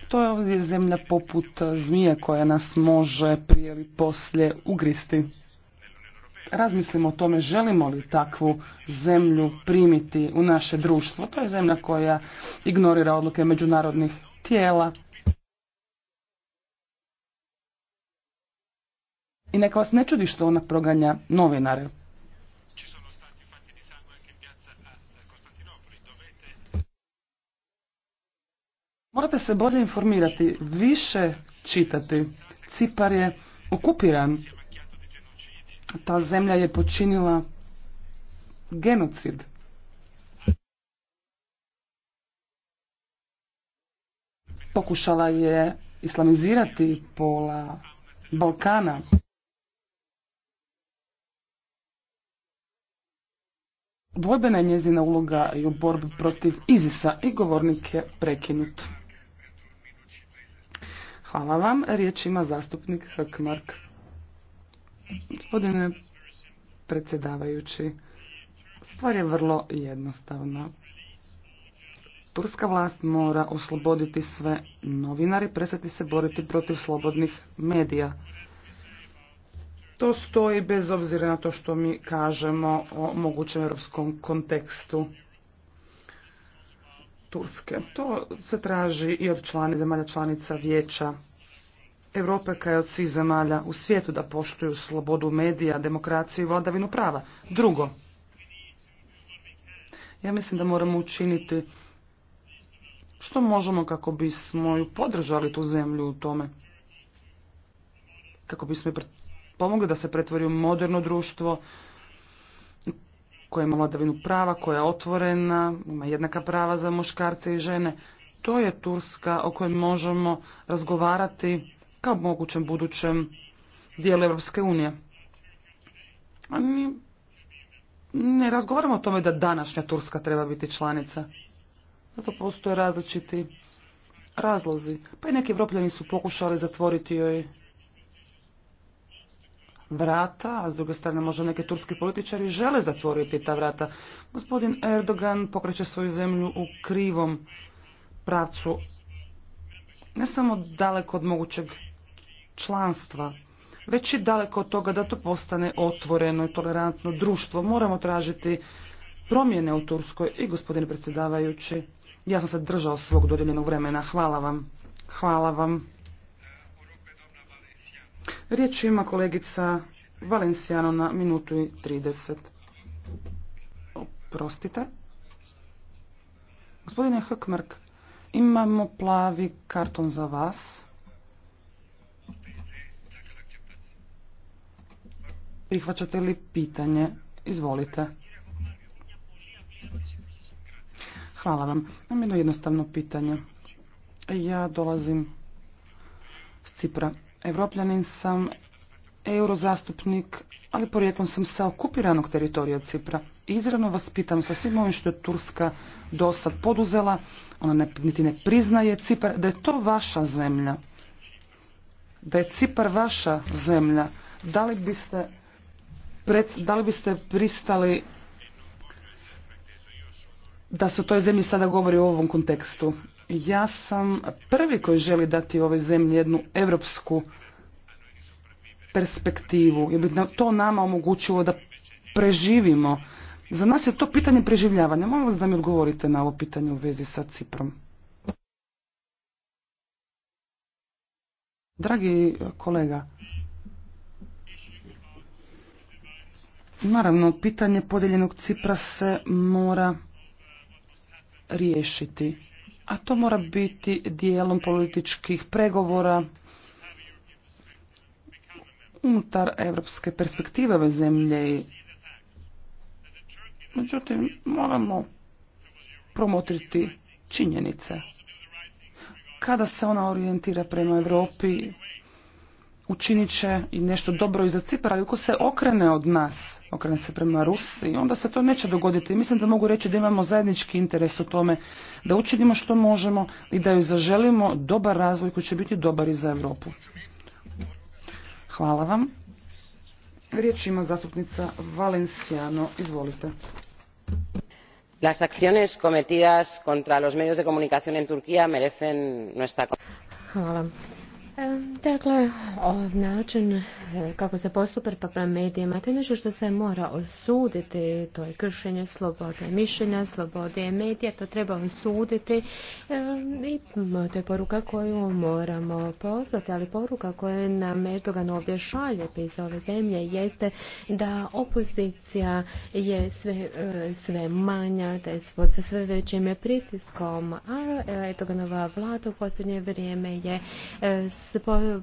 To je ovdje zemlja poput zmije koja nas može prije ili poslije ugristi. Razmislimo o tome želimo li takvu zemlju primiti u naše društvo. To je zemlja koja ignorira odluke međunarodnih tijela, I neka vas ne čudi što ona proganja novinare. Morate se bolje informirati, više čitati. Cipar je okupiran. Ta zemlja je počinila genocid. Pokušala je islamizirati pola Balkana. Dvojbena je njezina uloga i u borbi protiv Izisa i govornik je prekinut. Hvala vam. Riječ ima zastupnik Hakmark. Gospodine predsjedavajući, stvar je vrlo jednostavna. Turska vlast mora osloboditi sve novinari, presjeti se boriti protiv slobodnih medija. To stoji bez obzira na to što mi kažemo o mogućem europskom kontekstu Turske. To se traži i od člani, zemalja članica vijeća Europe kao i od svih zemalja u svijetu da poštuju slobodu medija, demokraciju i vladavinu prava. Drugo, ja mislim da moramo učiniti što možemo kako bismo ju podržali tu zemlju u tome. Kako bismo pomogli da se pretvori u moderno društvo koje ima vladavinu prava, koja je otvorena, ima jednaka prava za muškarce i žene. To je Turska o kojoj možemo razgovarati kao mogućem budućem dijelu Europske unije. A mi ne razgovaramo o tome da današnja Turska treba biti članica. Zato postoje različiti razlozi. Pa i neki evropljani su pokušali zatvoriti joj vrata, a s druge strane možda neki turski političari žele zatvoriti ta vrata. Gospodin Erdogan pokreće svoju zemlju u krivom pravcu, ne samo daleko od mogućeg članstva, već i daleko od toga da to postane otvoreno i tolerantno društvo. Moramo tražiti promjene u Turskoj i gospodine predsjedavajući, ja sam se držao svog dodijeljenog vremena. Hvala vam. Hvala vam. Riječ ima kolegica Valencijano na minutu i 30. Oprostite. Gospodine Hökmark, imamo plavi karton za vas. Prihvaćate li pitanje? Izvolite. Hvala vam. Imam jedno jednostavno pitanje. Ja dolazim s Cipra. Evropljanin sam, eurozastupnik, ali porijeklom sam sa okupiranog teritorija Cipra. Izravno vas pitam sa svim ovim što je Turska do sad poduzela, ona ne, niti ne priznaje Cipar, da je to vaša zemlja, da je Cipar vaša zemlja, da li biste, pred, da li biste pristali da se o toj zemlji sada govori u ovom kontekstu? Ja sam prvi koji želi dati ovoj zemlji jednu evropsku perspektivu, jer bi to nama omogućilo da preživimo. Za nas je to pitanje preživljavanja. Molim vas da mi odgovorite na ovo pitanje u vezi sa Ciprom. Dragi kolega, naravno, pitanje podijeljenog Cipra se mora riješiti a to mora biti dijelom političkih pregovora unutar evropske perspektive ove zemlje. Međutim, moramo promotriti činjenice. Kada se ona orijentira prema Europi, učinit će i nešto dobro i za Cipar, ali ako se okrene od nas, okrene se prema Rusiji, onda se to neće dogoditi. Mislim da mogu reći da imamo zajednički interes u tome, da učinimo što možemo i da joj zaželimo dobar razvoj koji će biti dobar i za Europu. Hvala vam. Riječ ima zastupnica Valenciano. Izvolite. Las acciones cometidas contra los medios de comunicación en Turquía merecen nuestra... Hvala. E, dakle, način e, kako se postupa prema medijima, to je nešto što se mora osuditi, to je kršenje slobode mišljenja, slobode medija, to treba osuditi e, i to je poruka koju moramo poslati, ali poruka koja nam Erdogan ovdje šalje iz ove zemlje jeste da opozicija je sve, manja, da je pod sve većim pritiskom, a Erdoganova vlada u posljednje vrijeme je se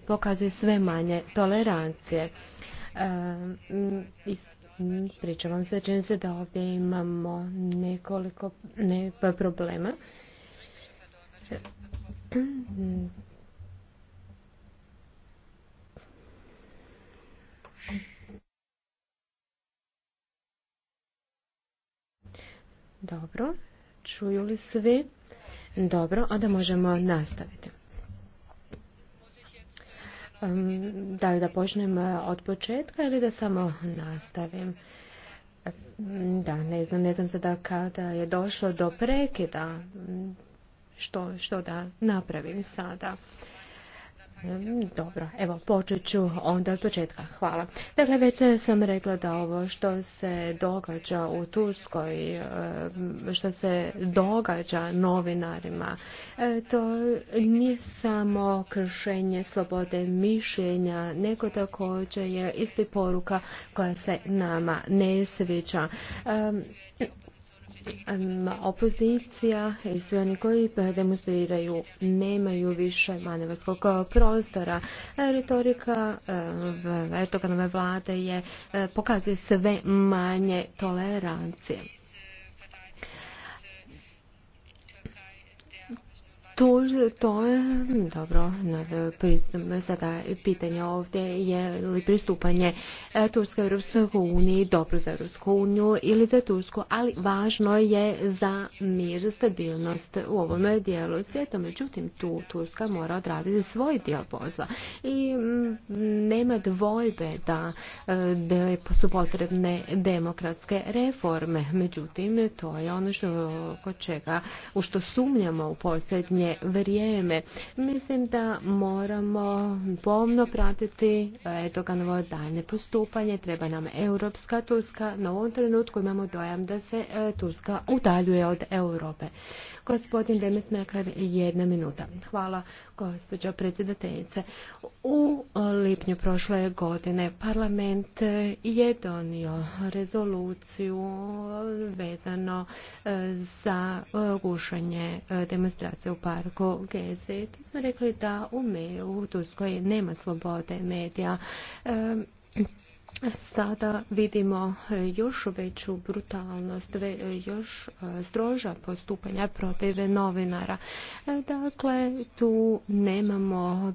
pokazuje sve manje tolerancije. E, pričavam se, čini se da ovdje imamo nekoliko ne, pa problema. Dobro, čuju li svi? Dobro, onda možemo nastaviti. Da li da počnem e, od početka ili da samo nastavim? Da, ne znam, ne znam sada kada je došlo do prekida, što, što da napravim sada. Dobro, evo počet ću onda od početka. Hvala. Dakle, već sam rekla da ovo što se događa u Turskoj, što se događa novinarima, e, to nije samo kršenje slobode mišljenja, nego također je isti poruka koja se nama ne sviđa opozicija i svi oni koji demonstriraju nemaju više manevarskog eh, prostora. Eh, retorika Erdoganove eh, vlade je, pokazuje sve manje tolerancije. To, to je, dobro, sada pitanje ovdje je li pristupanje e, Turske Europskoj uniji dobro za Europsku uniju ili za Tursku, ali važno je za mir, stabilnost u ovom dijelu svijeta. Međutim, tu Turska mora odraditi svoj dio posla i mm, nema dvojbe da, e, da su potrebne demokratske reforme. Međutim, to je ono što, čega, u što sumnjamo u posljednje vrijeme. Mislim da moramo pomno pratiti Erdoganovo daljne postupanje. Treba nam europska Turska. Na ovom trenutku imamo dojam da se e, Turska udaljuje od Europe. Gospodin Mekar, jedna minuta. Hvala, gospođo predsjedateljice. U lipnju prošle godine parlament je donio rezoluciju vezano e, za e, gušenje e, demonstracije u parku Gezi. Tu smo rekli da u, u Turskoj nema slobode medija sada vidimo e, još veću brutalnost, e, još e, stroža postupanja protiv novinara. Dakle, tu nemamo,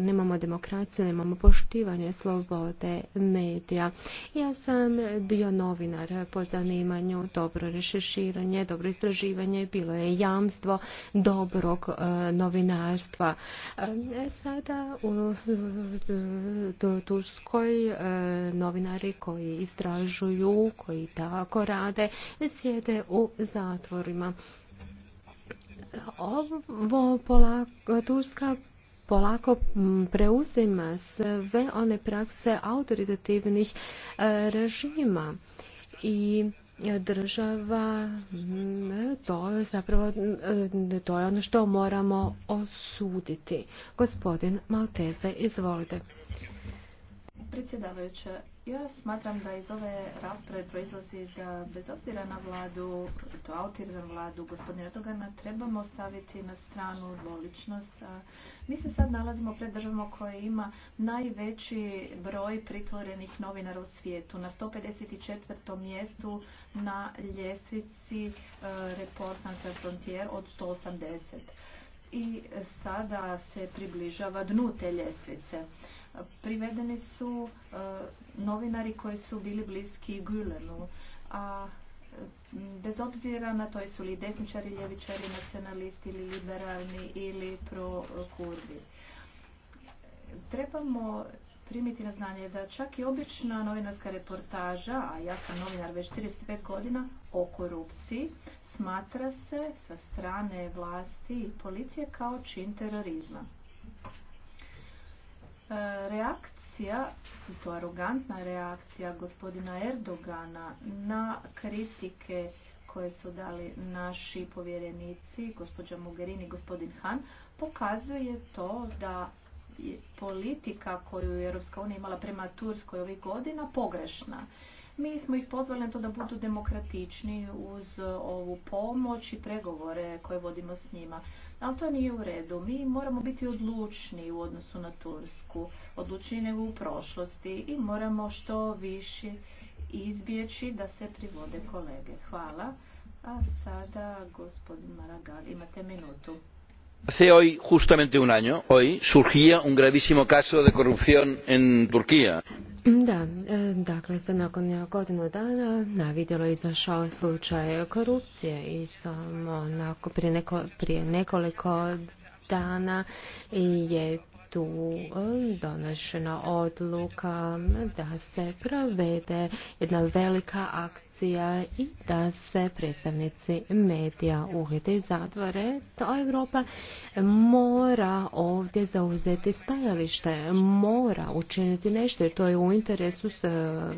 nemamo demokraciju, nemamo poštivanje slobode medija. Ja sam bio novinar po zanimanju, dobro rešeširanje, dobro istraživanje, bilo je jamstvo dobrog novinarstva. Sada u Turskoj novinari koji istražuju, koji tako rade, sjede u zatvorima. Ovo polako, Turska polako preuzima sve one prakse autoritativnih e, režima i država to je zapravo to je ono što moramo osuditi. Gospodin Malteze, izvolite. Predsjedavajuća, ja smatram da iz ove rasprave proizlazi da bez obzira na vladu, to za vladu gospodina Erdogana, trebamo staviti na stranu dvoličnost. Mi se sad nalazimo pred državom koja ima najveći broj pritvorenih novinara u svijetu. Na 154. mjestu na ljestvici e, Report Sans Frontier od 180 i sada se približava dnu te ljestvice privedeni su e, novinari koji su bili bliski Gülenu, a e, bez obzira na to su li desničari, ljevičari, nacionalisti ili liberalni ili pro-kurdi. Trebamo primiti na znanje da čak i obična novinarska reportaža, a ja sam novinar već 45 godina, o korupciji, smatra se sa strane vlasti i policije kao čin terorizma. E, reakcija to to arogantna reakcija gospodina Erdogana na kritike koje su dali naši povjerenici, gospođa Mogherini i gospodin Han, pokazuje to da je politika koju je Europska unija imala prema Turskoj ovih godina pogrešna mi smo ih pozvali na to da budu demokratični uz e, ovu pomoć i pregovore koje vodimo s njima. Ali to nije u redu. Mi moramo biti odlučni u odnosu na Tursku, odlučni nego u prošlosti i moramo što više izbjeći da se privode kolege. Hvala. A sada gospodin Maragal, imate minutu hace hoy justamente un año hoy surgía un gravísimo caso de corrupción en turquía da e, dakle se nakon godinu dana na vidjelo je izašao slučaj korupcije i samo onako prije, neko, prije nekoliko dana je tu e, donošena odluka da se provede jedna velika akcija i da se predstavnici medija uhite i zatvore. Ta Europa mora ovdje zauzeti stajalište, mora učiniti nešto jer to je u interesu e,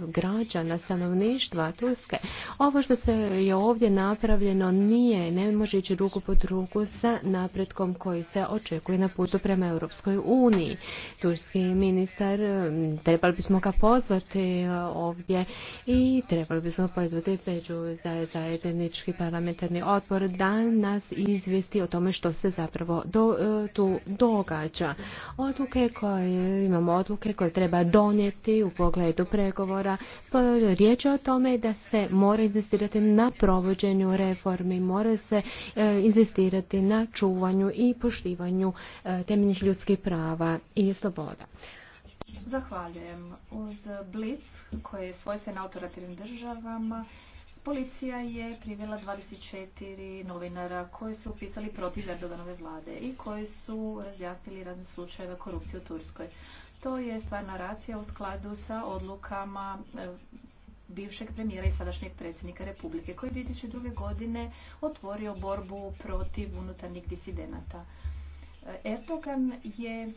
građana, stanovništva Turske. Ovo što se je ovdje napravljeno nije, ne može ići ruku pod ruku sa napretkom koji se očekuje na putu prema Europskoj uniji. Turski ministar mm, trebali bismo ga pozvati eh, ovdje i trebali bismo pozvati Peđu za zajednički parlamentarni odbor da nas izvijesti o tome što se zapravo eh, tu događa. Odluke koje imamo odluke koje treba donijeti u pogledu pregovora. Riječ je o tome da se mora inzistirati na provođenju reformi, mora se eh, inzistirati na čuvanju i poštivanju temeljnih ljudskih prava prava i sloboda. Zahvaljujem. Uz Blitz, koji je svojstven autorativnim državama, policija je privela 24 novinara koji su upisali protiv Erdoganove vlade i koji su razjasnili razne slučajeve korupcije u Turskoj. To je stvarna racija u skladu sa odlukama e, bivšeg premijera i sadašnjeg predsjednika Republike, koji je 2002. godine otvorio borbu protiv unutarnjih disidenata. Erdogan je e,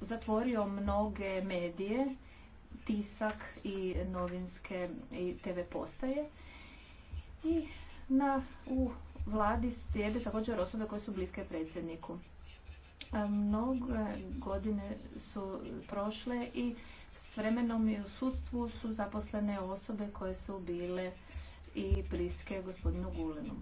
zatvorio mnoge medije, tisak i novinske i TV postaje i na, u vladi sjede također osobe koje su bliske predsjedniku. E, mnoge godine su prošle i s vremenom i u sudstvu su zaposlene osobe koje su bile i bliske gospodinu Gulenu.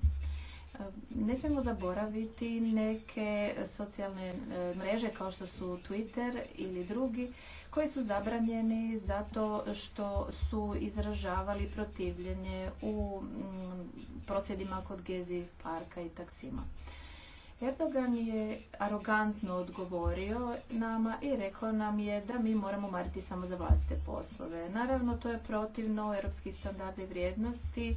Ne smijemo zaboraviti neke socijalne e, mreže kao što su Twitter ili drugi koji su zabranjeni zato što su izražavali protivljenje u prosvjedima kod Gezi parka i taksima. Erdogan je arogantno odgovorio nama i rekao nam je da mi moramo mariti samo za vlastite poslove. Naravno, to je protivno europskih standarda i vrijednosti e,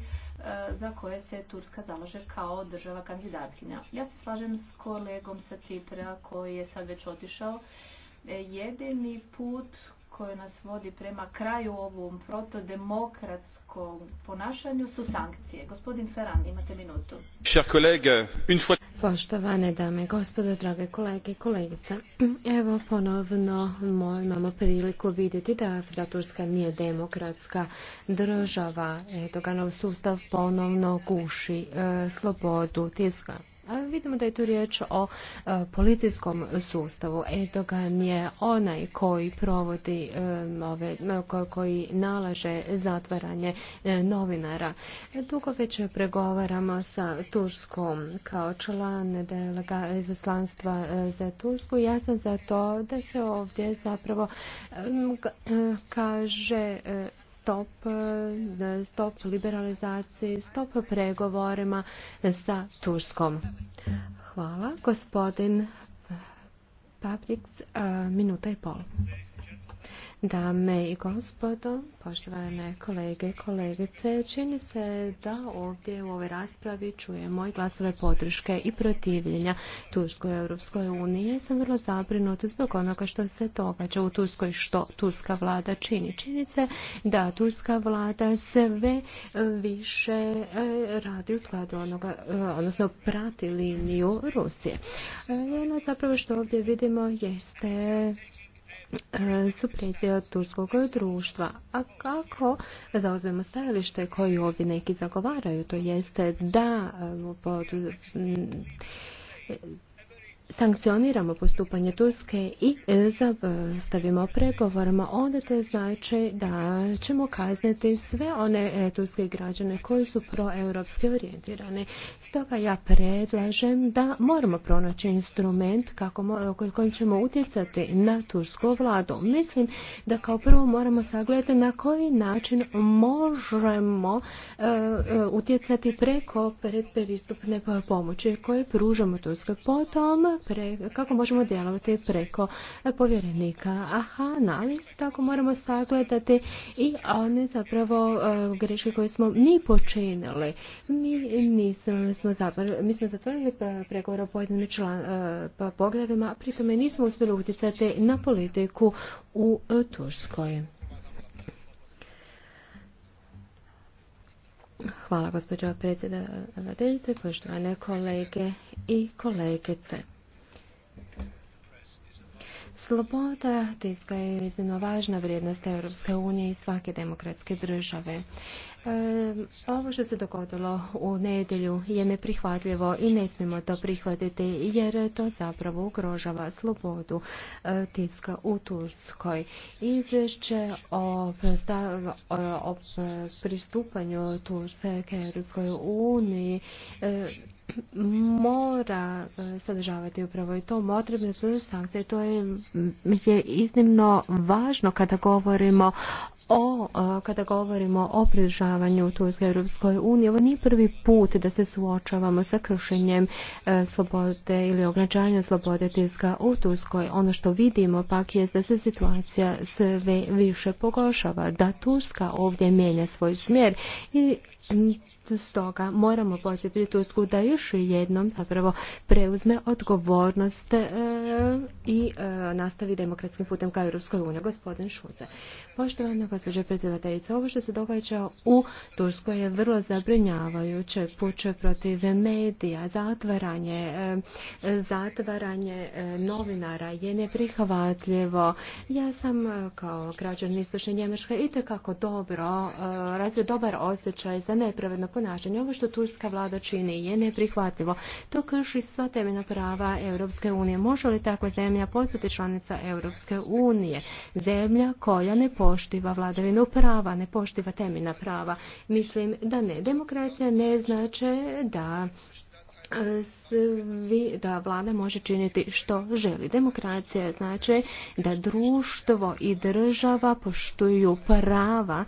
za koje se Turska zalaže kao država kandidatkinja. Ja se slažem s kolegom sa Cipra koji je sad već otišao e, jedini put koje nas vodi prema kraju ovom protodemokratskom ponašanju su sankcije. Gospodin Ferran, imate minutu. Poštovane dame i gospodo, drage kolege i kolegice, evo ponovno imamo priliku vidjeti da, Turska nije demokratska država. nov sustav ponovno guši e, slobodu tiska Vidimo da je tu riječ o e, policijskom sustavu. Erdogan je onaj koji provodi e, koji nalaže zatvaranje e, novinara. Dugo već pregovaramo sa Turskom kao član delega izaslanstva za Tursku. Ja sam za to da se ovdje zapravo kaže stop, e, stop liberalizaciji, stop pregovorima sa Turskom. Hvala, gospodin Papriks, e, minuta i pol. Dame i gospodo, poštovane kolege i kolegice, čini se da ovdje u ovoj raspravi čujemo i glasove podrške i protivljenja Turskoj Europskoj unije. Sam vrlo zabrinuta zbog onoga što se događa u Turskoj, što Turska vlada čini. Čini se da Turska vlada sve više e, radi u skladu onoga, e, odnosno prati liniju Rusije. E, ono zapravo što ovdje vidimo jeste su turskog društva. A kako zauzmemo stajalište koje ovdje neki zagovaraju, to jeste da e, sankcioniramo postupanje Turske i e, stavimo pregovorima, onda to znači da ćemo kazniti sve one e, turske građane koji su proeuropski orijentirane. Stoga ja predlažem da moramo pronaći instrument kako, kojim ćemo utjecati na tursku vladu. Mislim da kao prvo moramo sagledati na koji način možemo e, utjecati preko predpristupne pomoći koje pružamo Turskoj. Potom kako možemo djelovati preko povjerenika. Aha, ali tako moramo sagledati i one zapravo e, greške koje smo mi počinili. Mi nismo smo zapravo, mi smo zatvorili e, pregovor o pojedinim e, poglavima, a pritome nismo uspjeli utjecati na politiku u Turskoj. Hvala gospođo predsjedavateljice, poštovane kolege i kolegice. Sloboda tiska je iznimno važna vrijednost Europske unije i svake demokratske države. E, ovo što se dogodilo u nedjelju je neprihvatljivo i ne smijemo to prihvatiti jer to zapravo ugrožava slobodu e, tiska u Turskoj. Izvješće o, pristupanju Turske Europskoj uniji e, mora e, sadržavati upravo i to potrebne su sankcije. To je, je iznimno važno kada govorimo o, e, kada govorimo o pridržavanju Turske Europskoj uniji, ovo nije prvi put da se suočavamo sa kršenjem e, slobode ili ograničavanjem slobode tiska u Turskoj. Ono što vidimo pak je da se situacija sve više pogošava, da Turska ovdje mijenja svoj smjer i Stoga moramo podsjetiti Tursku da još jednom zapravo preuzme odgovornost e, i e, nastavi demokratskim putem kao Europskoj uniji. Gospodin Šuce. Poštovana gospođa predsjedateljica, ovo što se događa u Turskoj je vrlo zabrinjavajuće. Puče protiv medija, zatvaranje, e, zatvaranje novinara je neprihvatljivo. Ja sam kao građan istočne Njemačke itekako dobro, razvio dobar osjećaj za nepravedno ponašanje. Ovo što turska vlada čini je neprihvatljivo. To krši sva temeljna prava Europske unije. Može li takva zemlja postati članica Europske unije? Zemlja koja ne poštiva vladavinu prava, ne poštiva temeljna prava. Mislim da ne. Demokracija ne znače da svi, da vlada može činiti što želi. Demokracija znači da društvo i država poštuju prava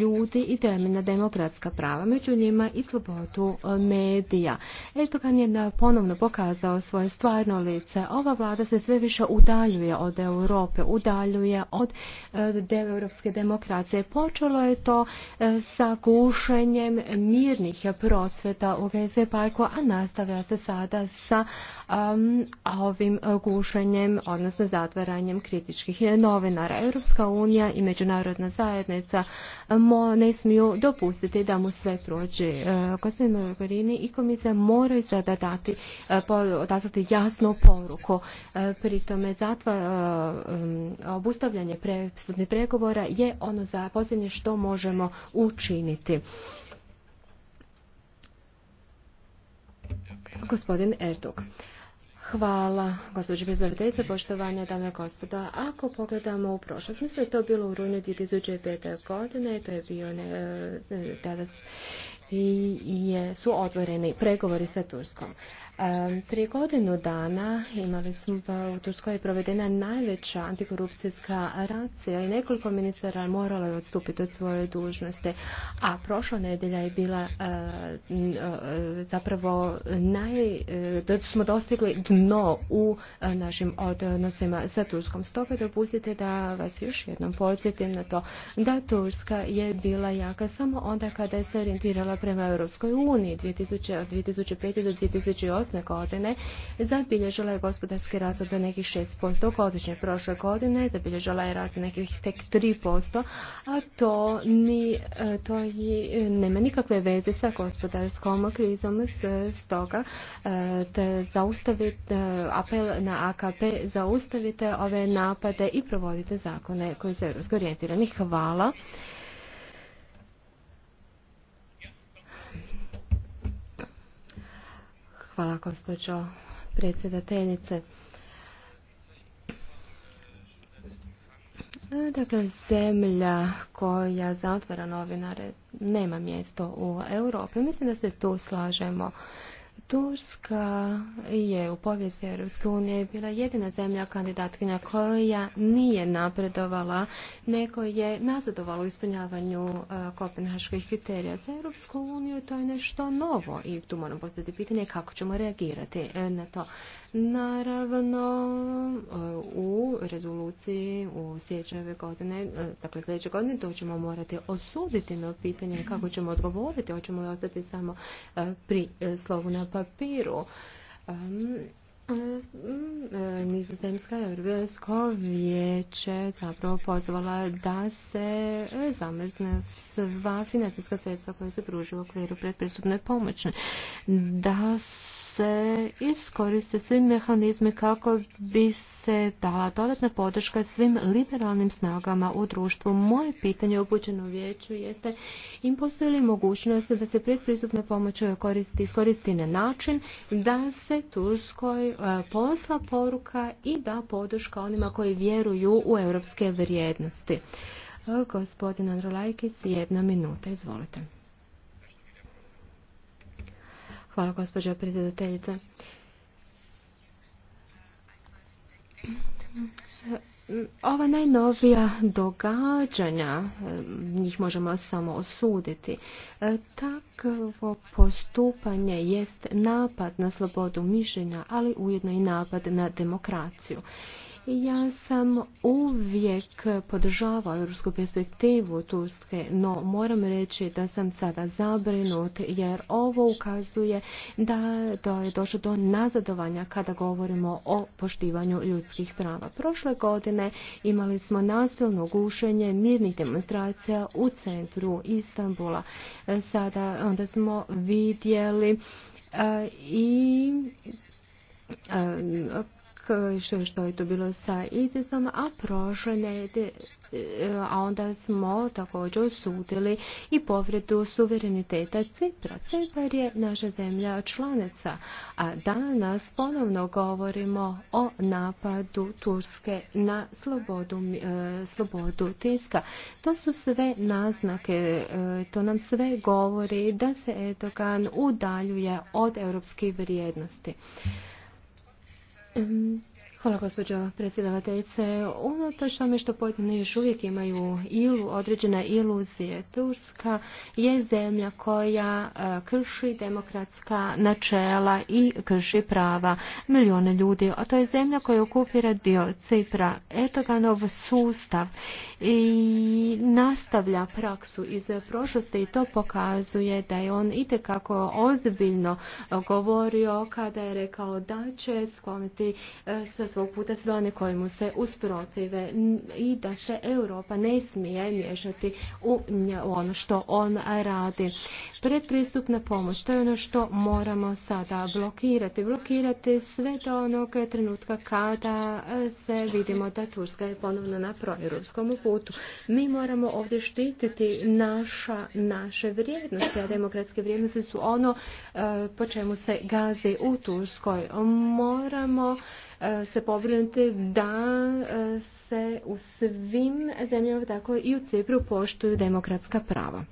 ljudi i temeljna demokratska prava, među njima i slobodu e, medija. kad je e, ponovno pokazao svoje stvarno lice. Ova vlada se sve više udaljuje od Europe, udaljuje od europske demokracije. Počelo je to e, sa gušenjem mirnih prosvjeta u GZ a nas nastavlja se sada sa um, ovim uh, gušenjem, odnosno zatvaranjem kritičkih novinara. Europska unija i međunarodna zajednica uh, mo, ne smiju dopustiti da mu sve prođe. Uh, gospodin Mogherini i komisija moraju sada dati, jasnu poruku. Pri tome zatva, um, obustavljanje prepsudnih pregovora je ono za posljednje što možemo učiniti. Gospodin Erdog. Hvala, gospođe predsjedateljice, poštovanja dame i gospodo. Ako pogledamo u prošlost, mislim da je to bilo u rujnu 2005. godine, to je bio tada i su otvoreni pregovori sa Turskom. E, prije godinu dana imali smo pa, u Turskoj je provedena najveća antikorupcijska racija i nekoliko ministara moralo je odstupiti od svoje dužnosti, a prošla nedjelja je bila e, e, zapravo naj, da smo dostigli dno u našim odnosima sa Turskom. Stoga dopustite da vas još jednom podsjetim na to da Turska je bila jaka samo onda kada je se orijentirala prema Europskoj uniji od 2005. do 2008. godine zabilježila je gospodarski rast od nekih 6% godišnje prošle godine, zabilježila je rast nekih tek 3%, a to, e, nema nikakve veze sa gospodarskom krizom stoga e, te zaustavite apel na AKP zaustavite ove napade i provodite zakone koji su europsko orijentirani. Hvala. Hvala gospođo predsjedateljice. Dakle, zemlja koja zatvara novinare nema mjesto u Europi. Mislim da se tu slažemo. Turska je u povijesti Europske unije bila jedina zemlja kandidatkinja koja nije napredovala, nego je nazadovala u ispunjavanju e, kopenhaških kriterija za Europsku uniju. To je nešto novo i tu moram postaviti pitanje kako ćemo reagirati e, na to. Naravno, e, u rezoluciji u sjeću ove godine, e, dakle sljedeće godine, to ćemo morati osuditi na pitanje kako ćemo odgovoriti, hoćemo li ostati samo e, pri slovu na papiru. Nizozemska Europsko vijeće zapravo pozvala da se zamrzne sva financijska sredstva koja se pružuju u okviru predpristupne pomoći. Da se iskoriste svi mehanizmi kako bi se dala dodatna podrška svim liberalnim snagama u društvu. Moje pitanje upućeno vijeću jeste im postoji li mogućnost da se predpristupna pomoć koristi, iskoristi na način da se Turskoj e, posla poruka i da podrška onima koji vjeruju u europske vrijednosti. E, gospodin Androlajkis, jedna minuta, izvolite. Hvala gospođo predsjedateljice. Ova najnovija događanja, njih možemo samo osuditi, takvo postupanje jest napad na slobodu mišljenja, ali ujedno i napad na demokraciju. Ja sam uvijek podržavao europsku perspektivu Turske, no moram reći da sam sada zabrinut jer ovo ukazuje da je došlo do nazadovanja kada govorimo o poštivanju ljudskih prava. Prošle godine imali smo nasilno gušenje mirnih demonstracija u centru Istanbula. E, sada onda smo vidjeli e, i e, što je to bilo sa ISISom, a prošle a onda smo također osudili i povredu suvereniteta Cipra. Cipar je naša zemlja članica, a danas ponovno govorimo o napadu Turske na slobodu, e, slobodu tiska. To su sve naznake, e, to nam sve govori da se Erdogan udaljuje od europskih vrijednosti. Um, Hvala gospođo predsjedavateljice. Unatoč tome što pojedini još uvijek imaju ilu, određene iluzije, Turska je zemlja koja e, krši demokratska načela i krši prava milijuna ljudi, a to je zemlja koja okupira dio Cipra. Erdoganov sustav i nastavlja praksu iz prošlosti i to pokazuje da je on itekako ozbiljno govorio kada je rekao da će skloniti e, sa svog puta sve one mu se usprotive i da se Europa ne smije miješati u ono što on radi. Predpristupna pomoć, to je ono što moramo sada blokirati. Blokirati sve do onog trenutka kada se vidimo da Turska je ponovno na proeuropskom putu. Mi moramo ovdje štititi naša, naše vrijednosti, a demokratske vrijednosti su ono eh, po čemu se gazi u Turskoj. Moramo se pobrinuti da e, se u svim zemljama, tako i u Cipru, poštuju demokratska prava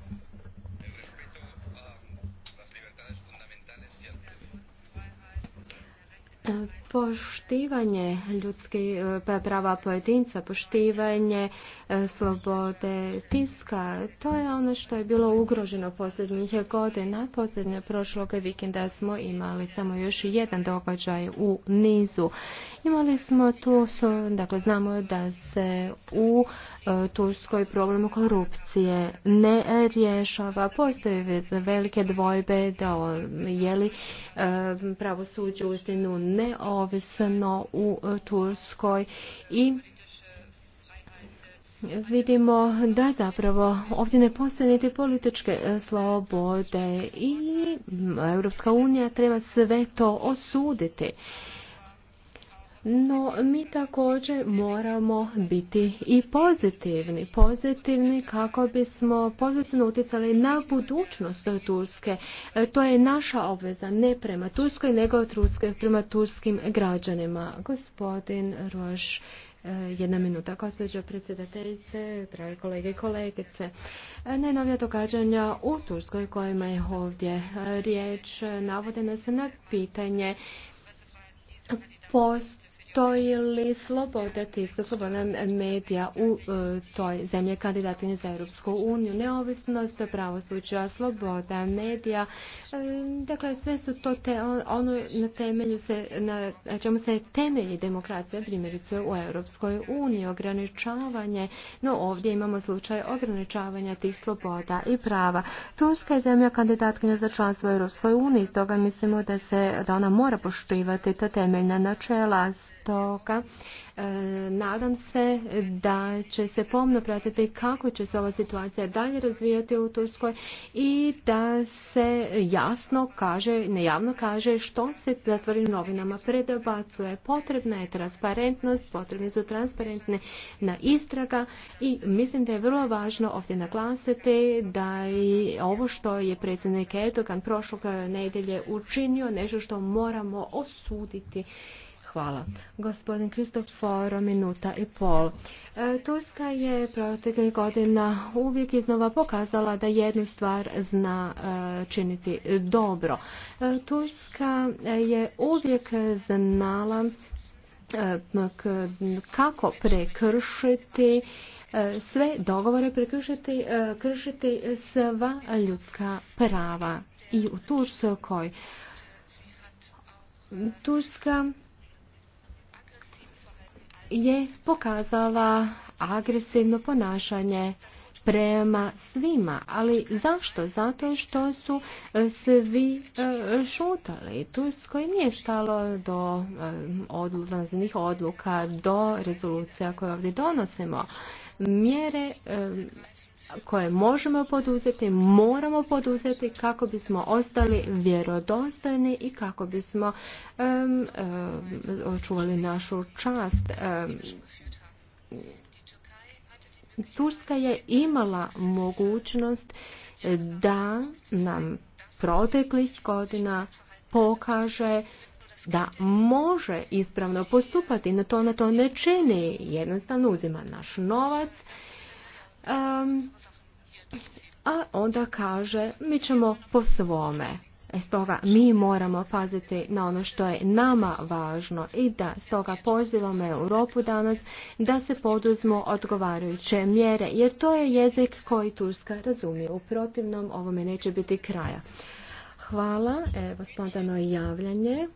poštivanje ljudskih e, prava pojedinca, poštivanje e, slobode tiska, to je ono što je bilo ugroženo posljednjih godina. Posljednje prošlog vikenda smo imali samo još jedan događaj u nizu. Imali smo tu, dakle znamo da se u e, Turskoj problemu korupcije ne rješava. Postoje velike dvojbe da je li pravosuđe u ne ovisno u e, Turskoj i vidimo da zapravo ovdje ne postoje niti političke e, slobode i Europska unija treba sve to osuditi. No, mi također moramo biti i pozitivni. Pozitivni kako bismo pozitivno utjecali na budućnost Turske. E, to je naša obveza, ne prema Turskoj, nego prema turskim građanima. Gospodin Roš, e, jedna minuta. Gospođo predsjedateljice, drage kolege i kolegice, e, najnovija događanja u Turskoj kojima je ovdje riječ navode se na pitanje post to je li sloboda tiska, sloboda medija u e, toj zemlji kandidatinje za Europsku uniju, neovisnost pravosuđa, sloboda medija, e, dakle sve su to te, ono na temelju se, na čemu se temelji demokracija primjerice u Europskoj uniji, ograničavanje, no ovdje imamo slučaj ograničavanja tih sloboda i prava. Turska je zemlja kandidatkinja za članstvo u Europskoj uniji, stoga mislimo da se, da ona mora poštivati ta temeljna načela toka. E, nadam se da će se pomno pratiti kako će se ova situacija dalje razvijati u Turskoj i da se jasno kaže, nejavno kaže što se zatvorim novinama predobacuje. Potrebna je transparentnost, potrebne su transparentne na istraga i mislim da je vrlo važno ovdje naglasiti da i ovo što je predsjednik Erdogan prošlog nedelje učinio nešto što moramo osuditi Hvala. Gospodin Kristoforo, minuta i pol. E, Turska je proteklih godina uvijek iznova pokazala da jednu stvar zna e, činiti dobro. E, Turska je uvijek znala kako prekršiti sve dogovore, prekršiti kršiti sva ljudska prava i u Turskoj. Turska je pokazala agresivno ponašanje prema svima. Ali zašto? Zato što su e, svi e, šutali. Turskoj nije stalo do e, odlučnih odluka, do rezolucija koje ovdje donosimo. Mjere koje možemo poduzeti, moramo poduzeti kako bismo ostali vjerodostojni i kako bismo očuvali našu čast. Turska je imala mogućnost da nam proteklih godina pokaže da može ispravno postupati, na to na to ne čini, jednostavno uzima naš novac a onda kaže mi ćemo po svome. E, stoga mi moramo paziti na ono što je nama važno i da stoga pozivamo Europu danas da se poduzmu odgovarajuće mjere jer to je jezik koji Turska razumije. U protivnom ovome neće biti kraja. Hvala, evo spontano javljanje.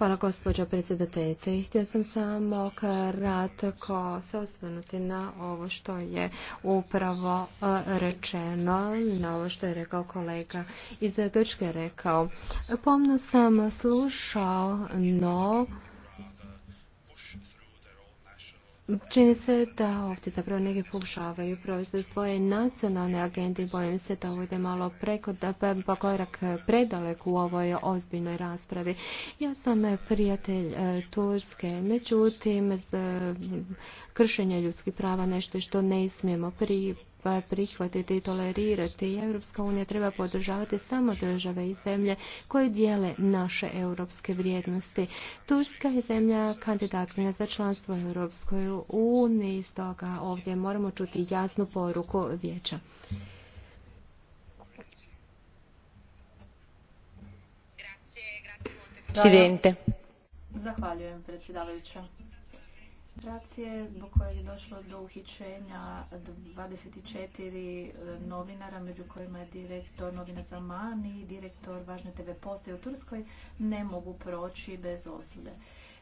Hvala gospođo predsjedateljice. Htio sam samo kratko se osvrnuti na ovo što je upravo e, rečeno, na ovo što je rekao kolega iz Grčke rekao. Pomno sam slušao, no Čini se da ovdje zapravo neki pokušavaju provesti svoje nacionalne agende i bojim se da ovdje malo preko, da pa, pa korak predalek u ovoj ozbiljnoj raspravi. Ja sam prijatelj e, Turske, međutim e, kršenje ljudskih prava nešto što ne smijemo pri, pa prihvatiti i tolerirati. Europska unija treba podržavati samo države i zemlje koje dijele naše europske vrijednosti. Turska je zemlja kandidatkinja za članstvo Europskoj uniji, stoga ovdje moramo čuti jasnu poruku vijeća. Zahvaljujem predsjedavajuća demonstracije zbog koje je došlo do uhićenja 24 e, novinara, među kojima je direktor novina Zaman i direktor važne TV postaje u Turskoj, ne mogu proći bez osude.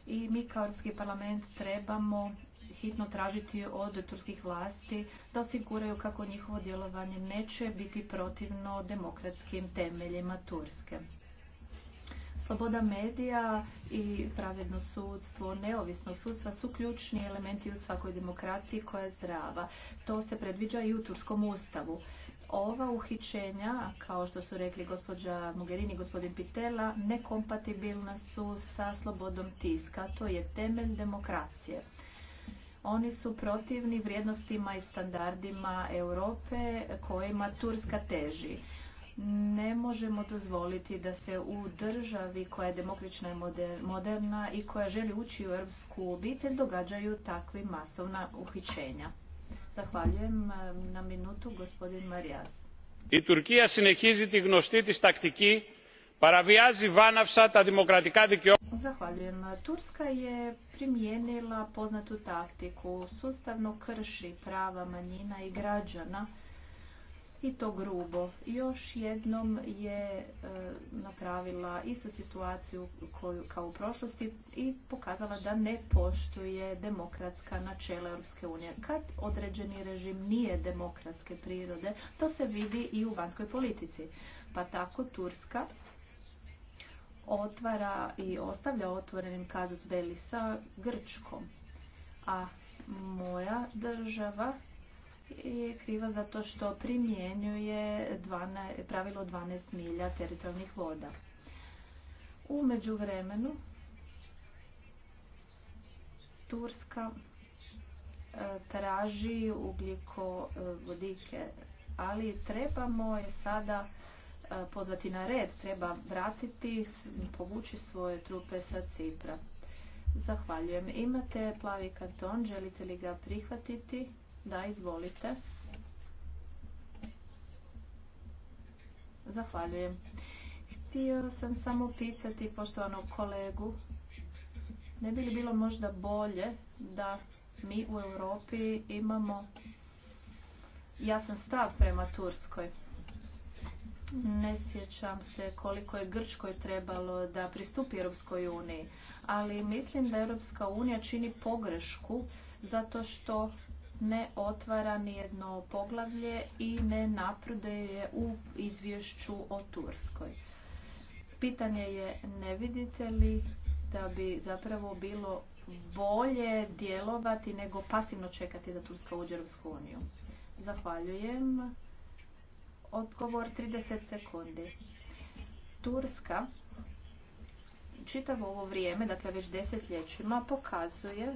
I mi kao Europski parlament trebamo hitno tražiti od turskih vlasti da osiguraju kako njihovo djelovanje neće biti protivno demokratskim temeljima Turske. Sloboda medija i pravedno sudstvo, neovisno sudstva su ključni elementi u svakoj demokraciji koja je zdrava. To se predviđa i u Turskom ustavu. Ova uhićenja, kao što su rekli gospođa Mogherini i gospodin Pitela, nekompatibilna su sa slobodom tiska. To je temelj demokracije. Oni su protivni vrijednostima i standardima Europe kojima Turska teži ne možemo dozvoliti da se u državi koja je demokratična i moderna i koja želi ući u europsku obitelj događaju takvi masovna uhićenja. Zahvaljujem eh, na minutu gospodin Marijas. I Turkija se ne hiziti της τακτική παραβιάζει Zahvaljujem. Turska je primijenila poznatu taktiku, sustavno krši prava manjina i građana i to grubo. Još jednom je e, napravila istu situaciju koju kao u prošlosti i pokazala da ne poštuje demokratska načela Europske unije. Kad određeni režim nije demokratske prirode, to se vidi i u vanjskoj politici. Pa tako Turska otvara i ostavlja otvorenim kazus Belisa sa Grčkom. A moja država je kriva zato što primjenjuje pravilo 12 milja teritorijalnih voda. U međuvremenu Turska e, traži ugljikovodike, ali trebamo je sada e, pozvati na red, treba vratiti, povući svoje trupe sa Cipra. Zahvaljujem. Imate plavi kanton, želite li ga prihvatiti? Da, izvolite. Zahvaljujem. Htio sam samo pitati poštovanog kolegu, ne bi li bilo možda bolje da mi u Europi imamo jasan stav prema Turskoj? Ne sjećam se koliko je Grčkoj trebalo da pristupi Europskoj uniji, ali mislim da Europska unija čini pogrešku zato što ne otvara nijedno poglavlje i ne napreduje u izvješću o Turskoj. Pitanje je ne vidite li da bi zapravo bilo bolje djelovati nego pasivno čekati da Turska uđe u EU. Zahvaljujem. Odgovor 30 sekundi. Turska čitavo ovo vrijeme, dakle već desetljećima, pokazuje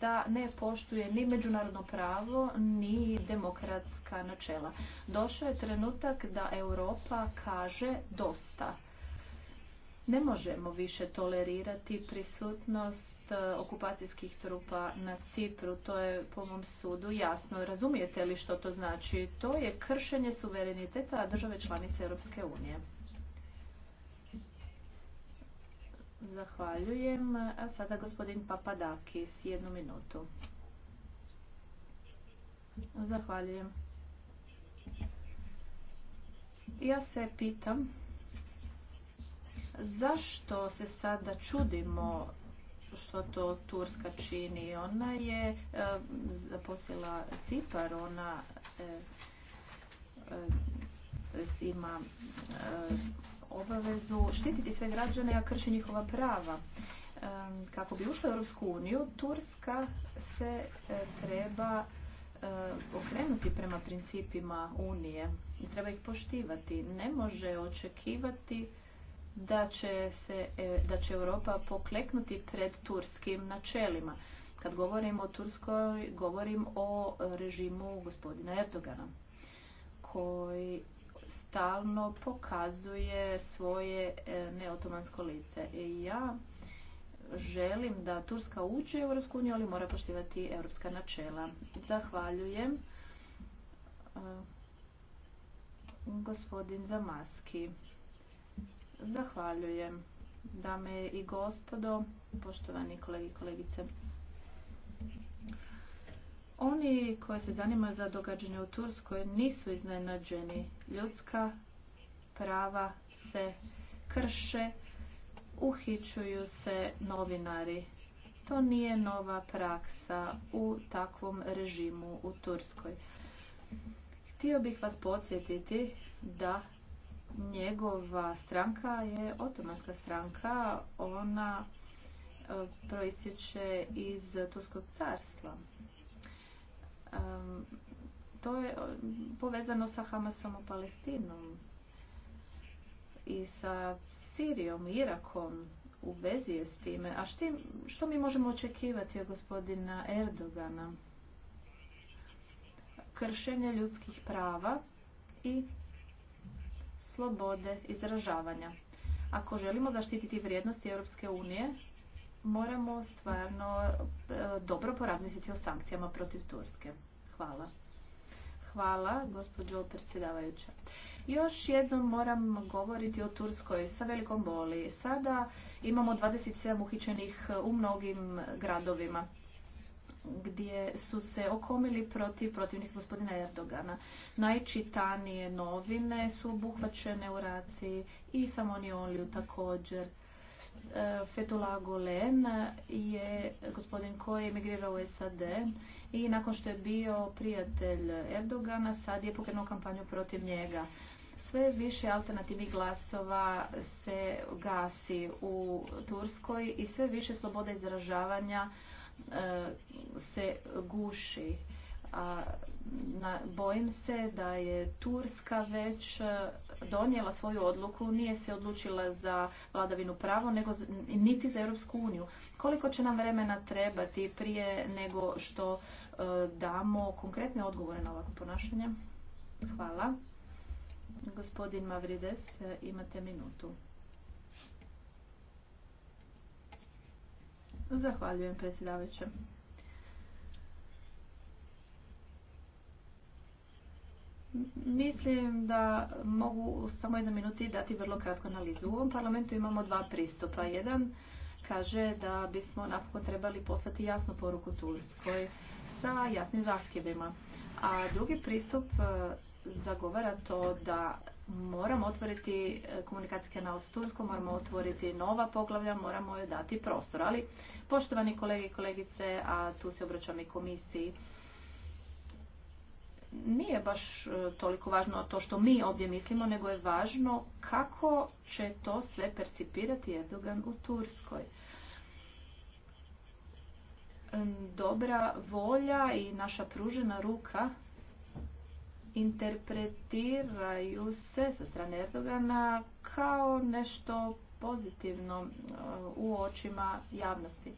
da ne poštuje ni međunarodno pravo, ni demokratska načela. Došao je trenutak da Europa kaže dosta. Ne možemo više tolerirati prisutnost e, okupacijskih trupa na Cipru, to je po mom sudu jasno. Razumijete li što to znači? To je kršenje suvereniteta države članice Europske unije. Zahvaljujem. A sada gospodin Papadakis, jednu minutu. Zahvaljujem. Ja se pitam zašto se sada čudimo što to Turska čini. Ona je e, zaposjela Cipar, ona e, e, ima obavezu štititi sve građane, a krši njihova prava. Kako bi ušla u Europsku uniju, Turska se e, treba e, okrenuti prema principima Unije i treba ih poštivati. Ne može očekivati da će, se, e, da će Europa pokleknuti pred turskim načelima. Kad govorim o Turskoj, govorim o režimu gospodina Erdogana koji stalno pokazuje svoje e, neotomansko lice. E, ja želim da Turska uđe u Europsku ali mora poštivati europska načela. Zahvaljujem. E, gospodin Zamaski. Zahvaljujem. Dame i gospodo, poštovani kolegi i kolegice. Oni koji se zanimaju za događanje u Turskoj nisu iznenađeni. Ljudska prava se krše, uhićuju se novinari. To nije nova praksa u takvom režimu u Turskoj. Htio bih vas podsjetiti da njegova stranka je otomanska stranka. Ona e, proistječe iz Turskog carstva to je povezano sa Hamasom u Palestinom i sa Sirijom, Irakom u vezi je s time. A što, što mi možemo očekivati od gospodina Erdogana? Kršenje ljudskih prava i slobode izražavanja. Ako želimo zaštititi vrijednosti Europske unije, moramo stvarno e, dobro porazmisliti o sankcijama protiv Turske. Hvala. Hvala, gospođo predsjedavajuća. Još jednom moram govoriti o Turskoj sa velikom boli. Sada imamo 27 uhićenih u mnogim gradovima gdje su se okomili protiv protivnih gospodina Erdogana. Najčitanije novine su obuhvaćene u raciji i Samonijoliju također. Fethullah Gulen je gospodin koji je emigrirao u SAD i nakon što je bio prijatelj Erdogana, sad je pokrenuo kampanju protiv njega. Sve više alternativnih glasova se gasi u Turskoj i sve više sloboda izražavanja e, se guši a bojim se da je Turska već e, donijela svoju odluku, nije se odlučila za vladavinu pravo, nego niti za Europsku uniju. Koliko će nam vremena trebati prije nego što e, damo konkretne odgovore na ovakvo ponašanje? Hvala. Gospodin Mavrides, e, imate minutu. Zahvaljujem predsjedavajućem. Mislim da mogu u samo jednoj minuti dati vrlo kratku analizu. U ovom parlamentu imamo dva pristupa. Jedan kaže da bismo napokon trebali poslati jasnu poruku Turskoj sa jasnim zahtjevima. A drugi pristup e, zagovara to da moramo otvoriti e, komunikacijski kanal s Turskom, moramo otvoriti nova poglavlja, moramo joj dati prostor. Ali, poštovani kolege i kolegice, a tu se obraćam i komisiji, nije baš e, toliko važno to što mi ovdje mislimo, nego je važno kako će to sve percipirati Erdogan u Turskoj. Dobra volja i naša pružena ruka interpretiraju se sa strane Erdogana kao nešto pozitivno e, u očima javnosti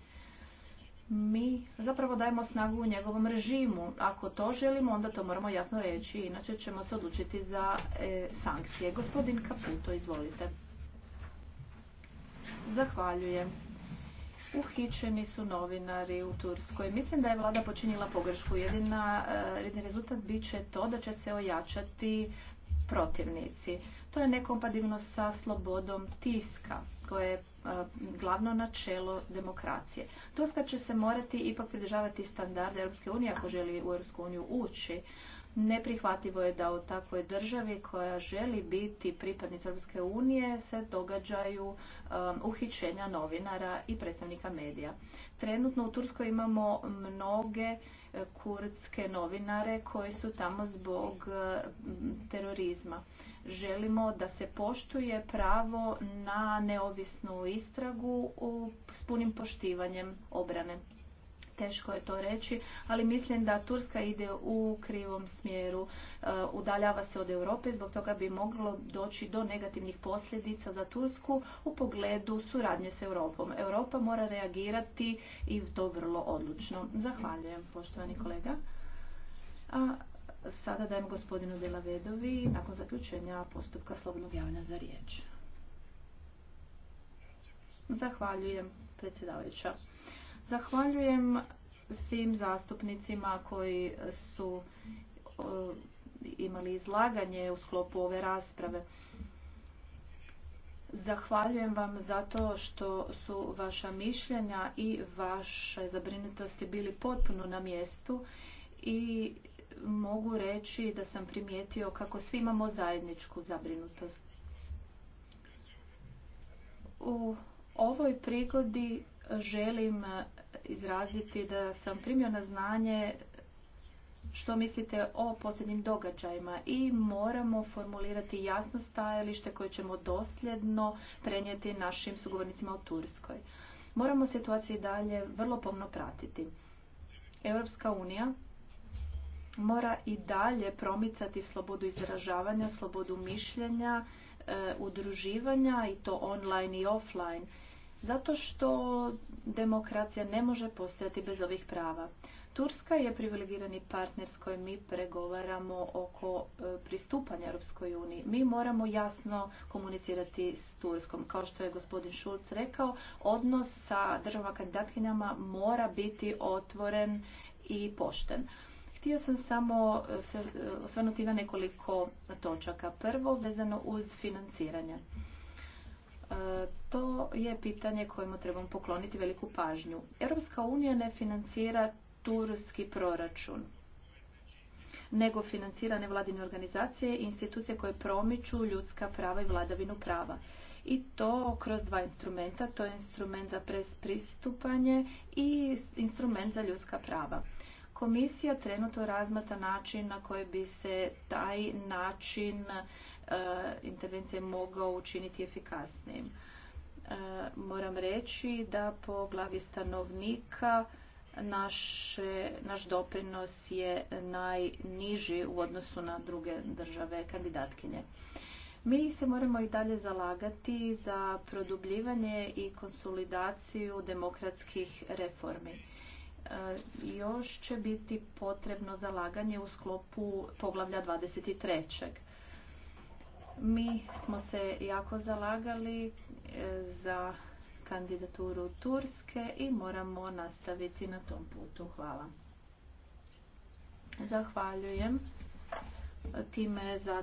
mi zapravo dajemo snagu u njegovom režimu. Ako to želimo, onda to moramo jasno reći, inače ćemo se odlučiti za e, sankcije. Gospodin Kaputo, izvolite. Zahvaljujem. Uhićeni su novinari u Turskoj. Mislim da je vlada počinila pogrešku. Jedina, e, jedini rezultat bit će to da će se ojačati protivnici. To je nekompatibilno sa slobodom tiska koje je glavno načelo demokracije. Turska će se morati ipak pridržavati standarde Europske unije ako želi u Europsku uniju ući. Neprihvatljivo je da u takvoj državi koja želi biti pripadnica Europske unije se događaju uhićenja novinara i predstavnika medija. Trenutno u Turskoj imamo mnoge kurdske novinare koji su tamo zbog e, terorizma. Želimo da se poštuje pravo na neovisnu istragu s punim poštivanjem obrane teško je to reći, ali mislim da Turska ide u krivom smjeru, e, udaljava se od Europe, zbog toga bi moglo doći do negativnih posljedica za Tursku u pogledu suradnje s Europom. Europa mora reagirati i to vrlo odlučno. Zahvaljujem, poštovani kolega. A sada dajem gospodinu Delavedovi nakon zaključenja postupka slobodnog javljanja za riječ. Zahvaljujem, predsjedavajuća. Zahvaljujem svim zastupnicima koji su imali izlaganje u sklopu ove rasprave. Zahvaljujem vam zato što su vaša mišljenja i vaše zabrinutosti bili potpuno na mjestu i mogu reći da sam primijetio kako svi imamo zajedničku zabrinutost. U ovoj prigodi želim e, izraziti da sam primio na znanje što mislite o posljednjim događajima i moramo formulirati jasno stajalište koje ćemo dosljedno prenijeti našim sugovornicima u Turskoj. Moramo situaciju i dalje vrlo pomno pratiti. Europska unija mora i dalje promicati slobodu izražavanja, slobodu mišljenja, e, udruživanja i to online i offline zato što demokracija ne može postojati bez ovih prava. Turska je privilegirani partner s kojim mi pregovaramo oko e, pristupanja Europskoj uniji. Mi moramo jasno komunicirati s Turskom. Kao što je gospodin Šulc rekao, odnos sa državama kandidatkinjama mora biti otvoren i pošten. Htio sam samo e, e, osvrnuti na nekoliko točaka. Prvo, vezano uz financiranje. E, to je pitanje kojemu trebamo pokloniti veliku pažnju. Europska unija ne financira turski proračun, nego financira nevladine organizacije i institucije koje promiču ljudska prava i vladavinu prava. I to kroz dva instrumenta, to je instrument za pristupanje i instrument za ljudska prava. Komisija trenutno razmata način na koji bi se taj način e, intervencije mogao učiniti efikasnijim. E, moram reći da po glavi stanovnika naš doprinos je najniži u odnosu na druge države kandidatkinje. Mi se moramo i dalje zalagati za produbljivanje i konsolidaciju demokratskih reformi E, još će biti potrebno zalaganje u sklopu poglavlja 23. Mi smo se jako zalagali e, za kandidaturu Turske i moramo nastaviti na tom putu. Hvala. Zahvaljujem. Time za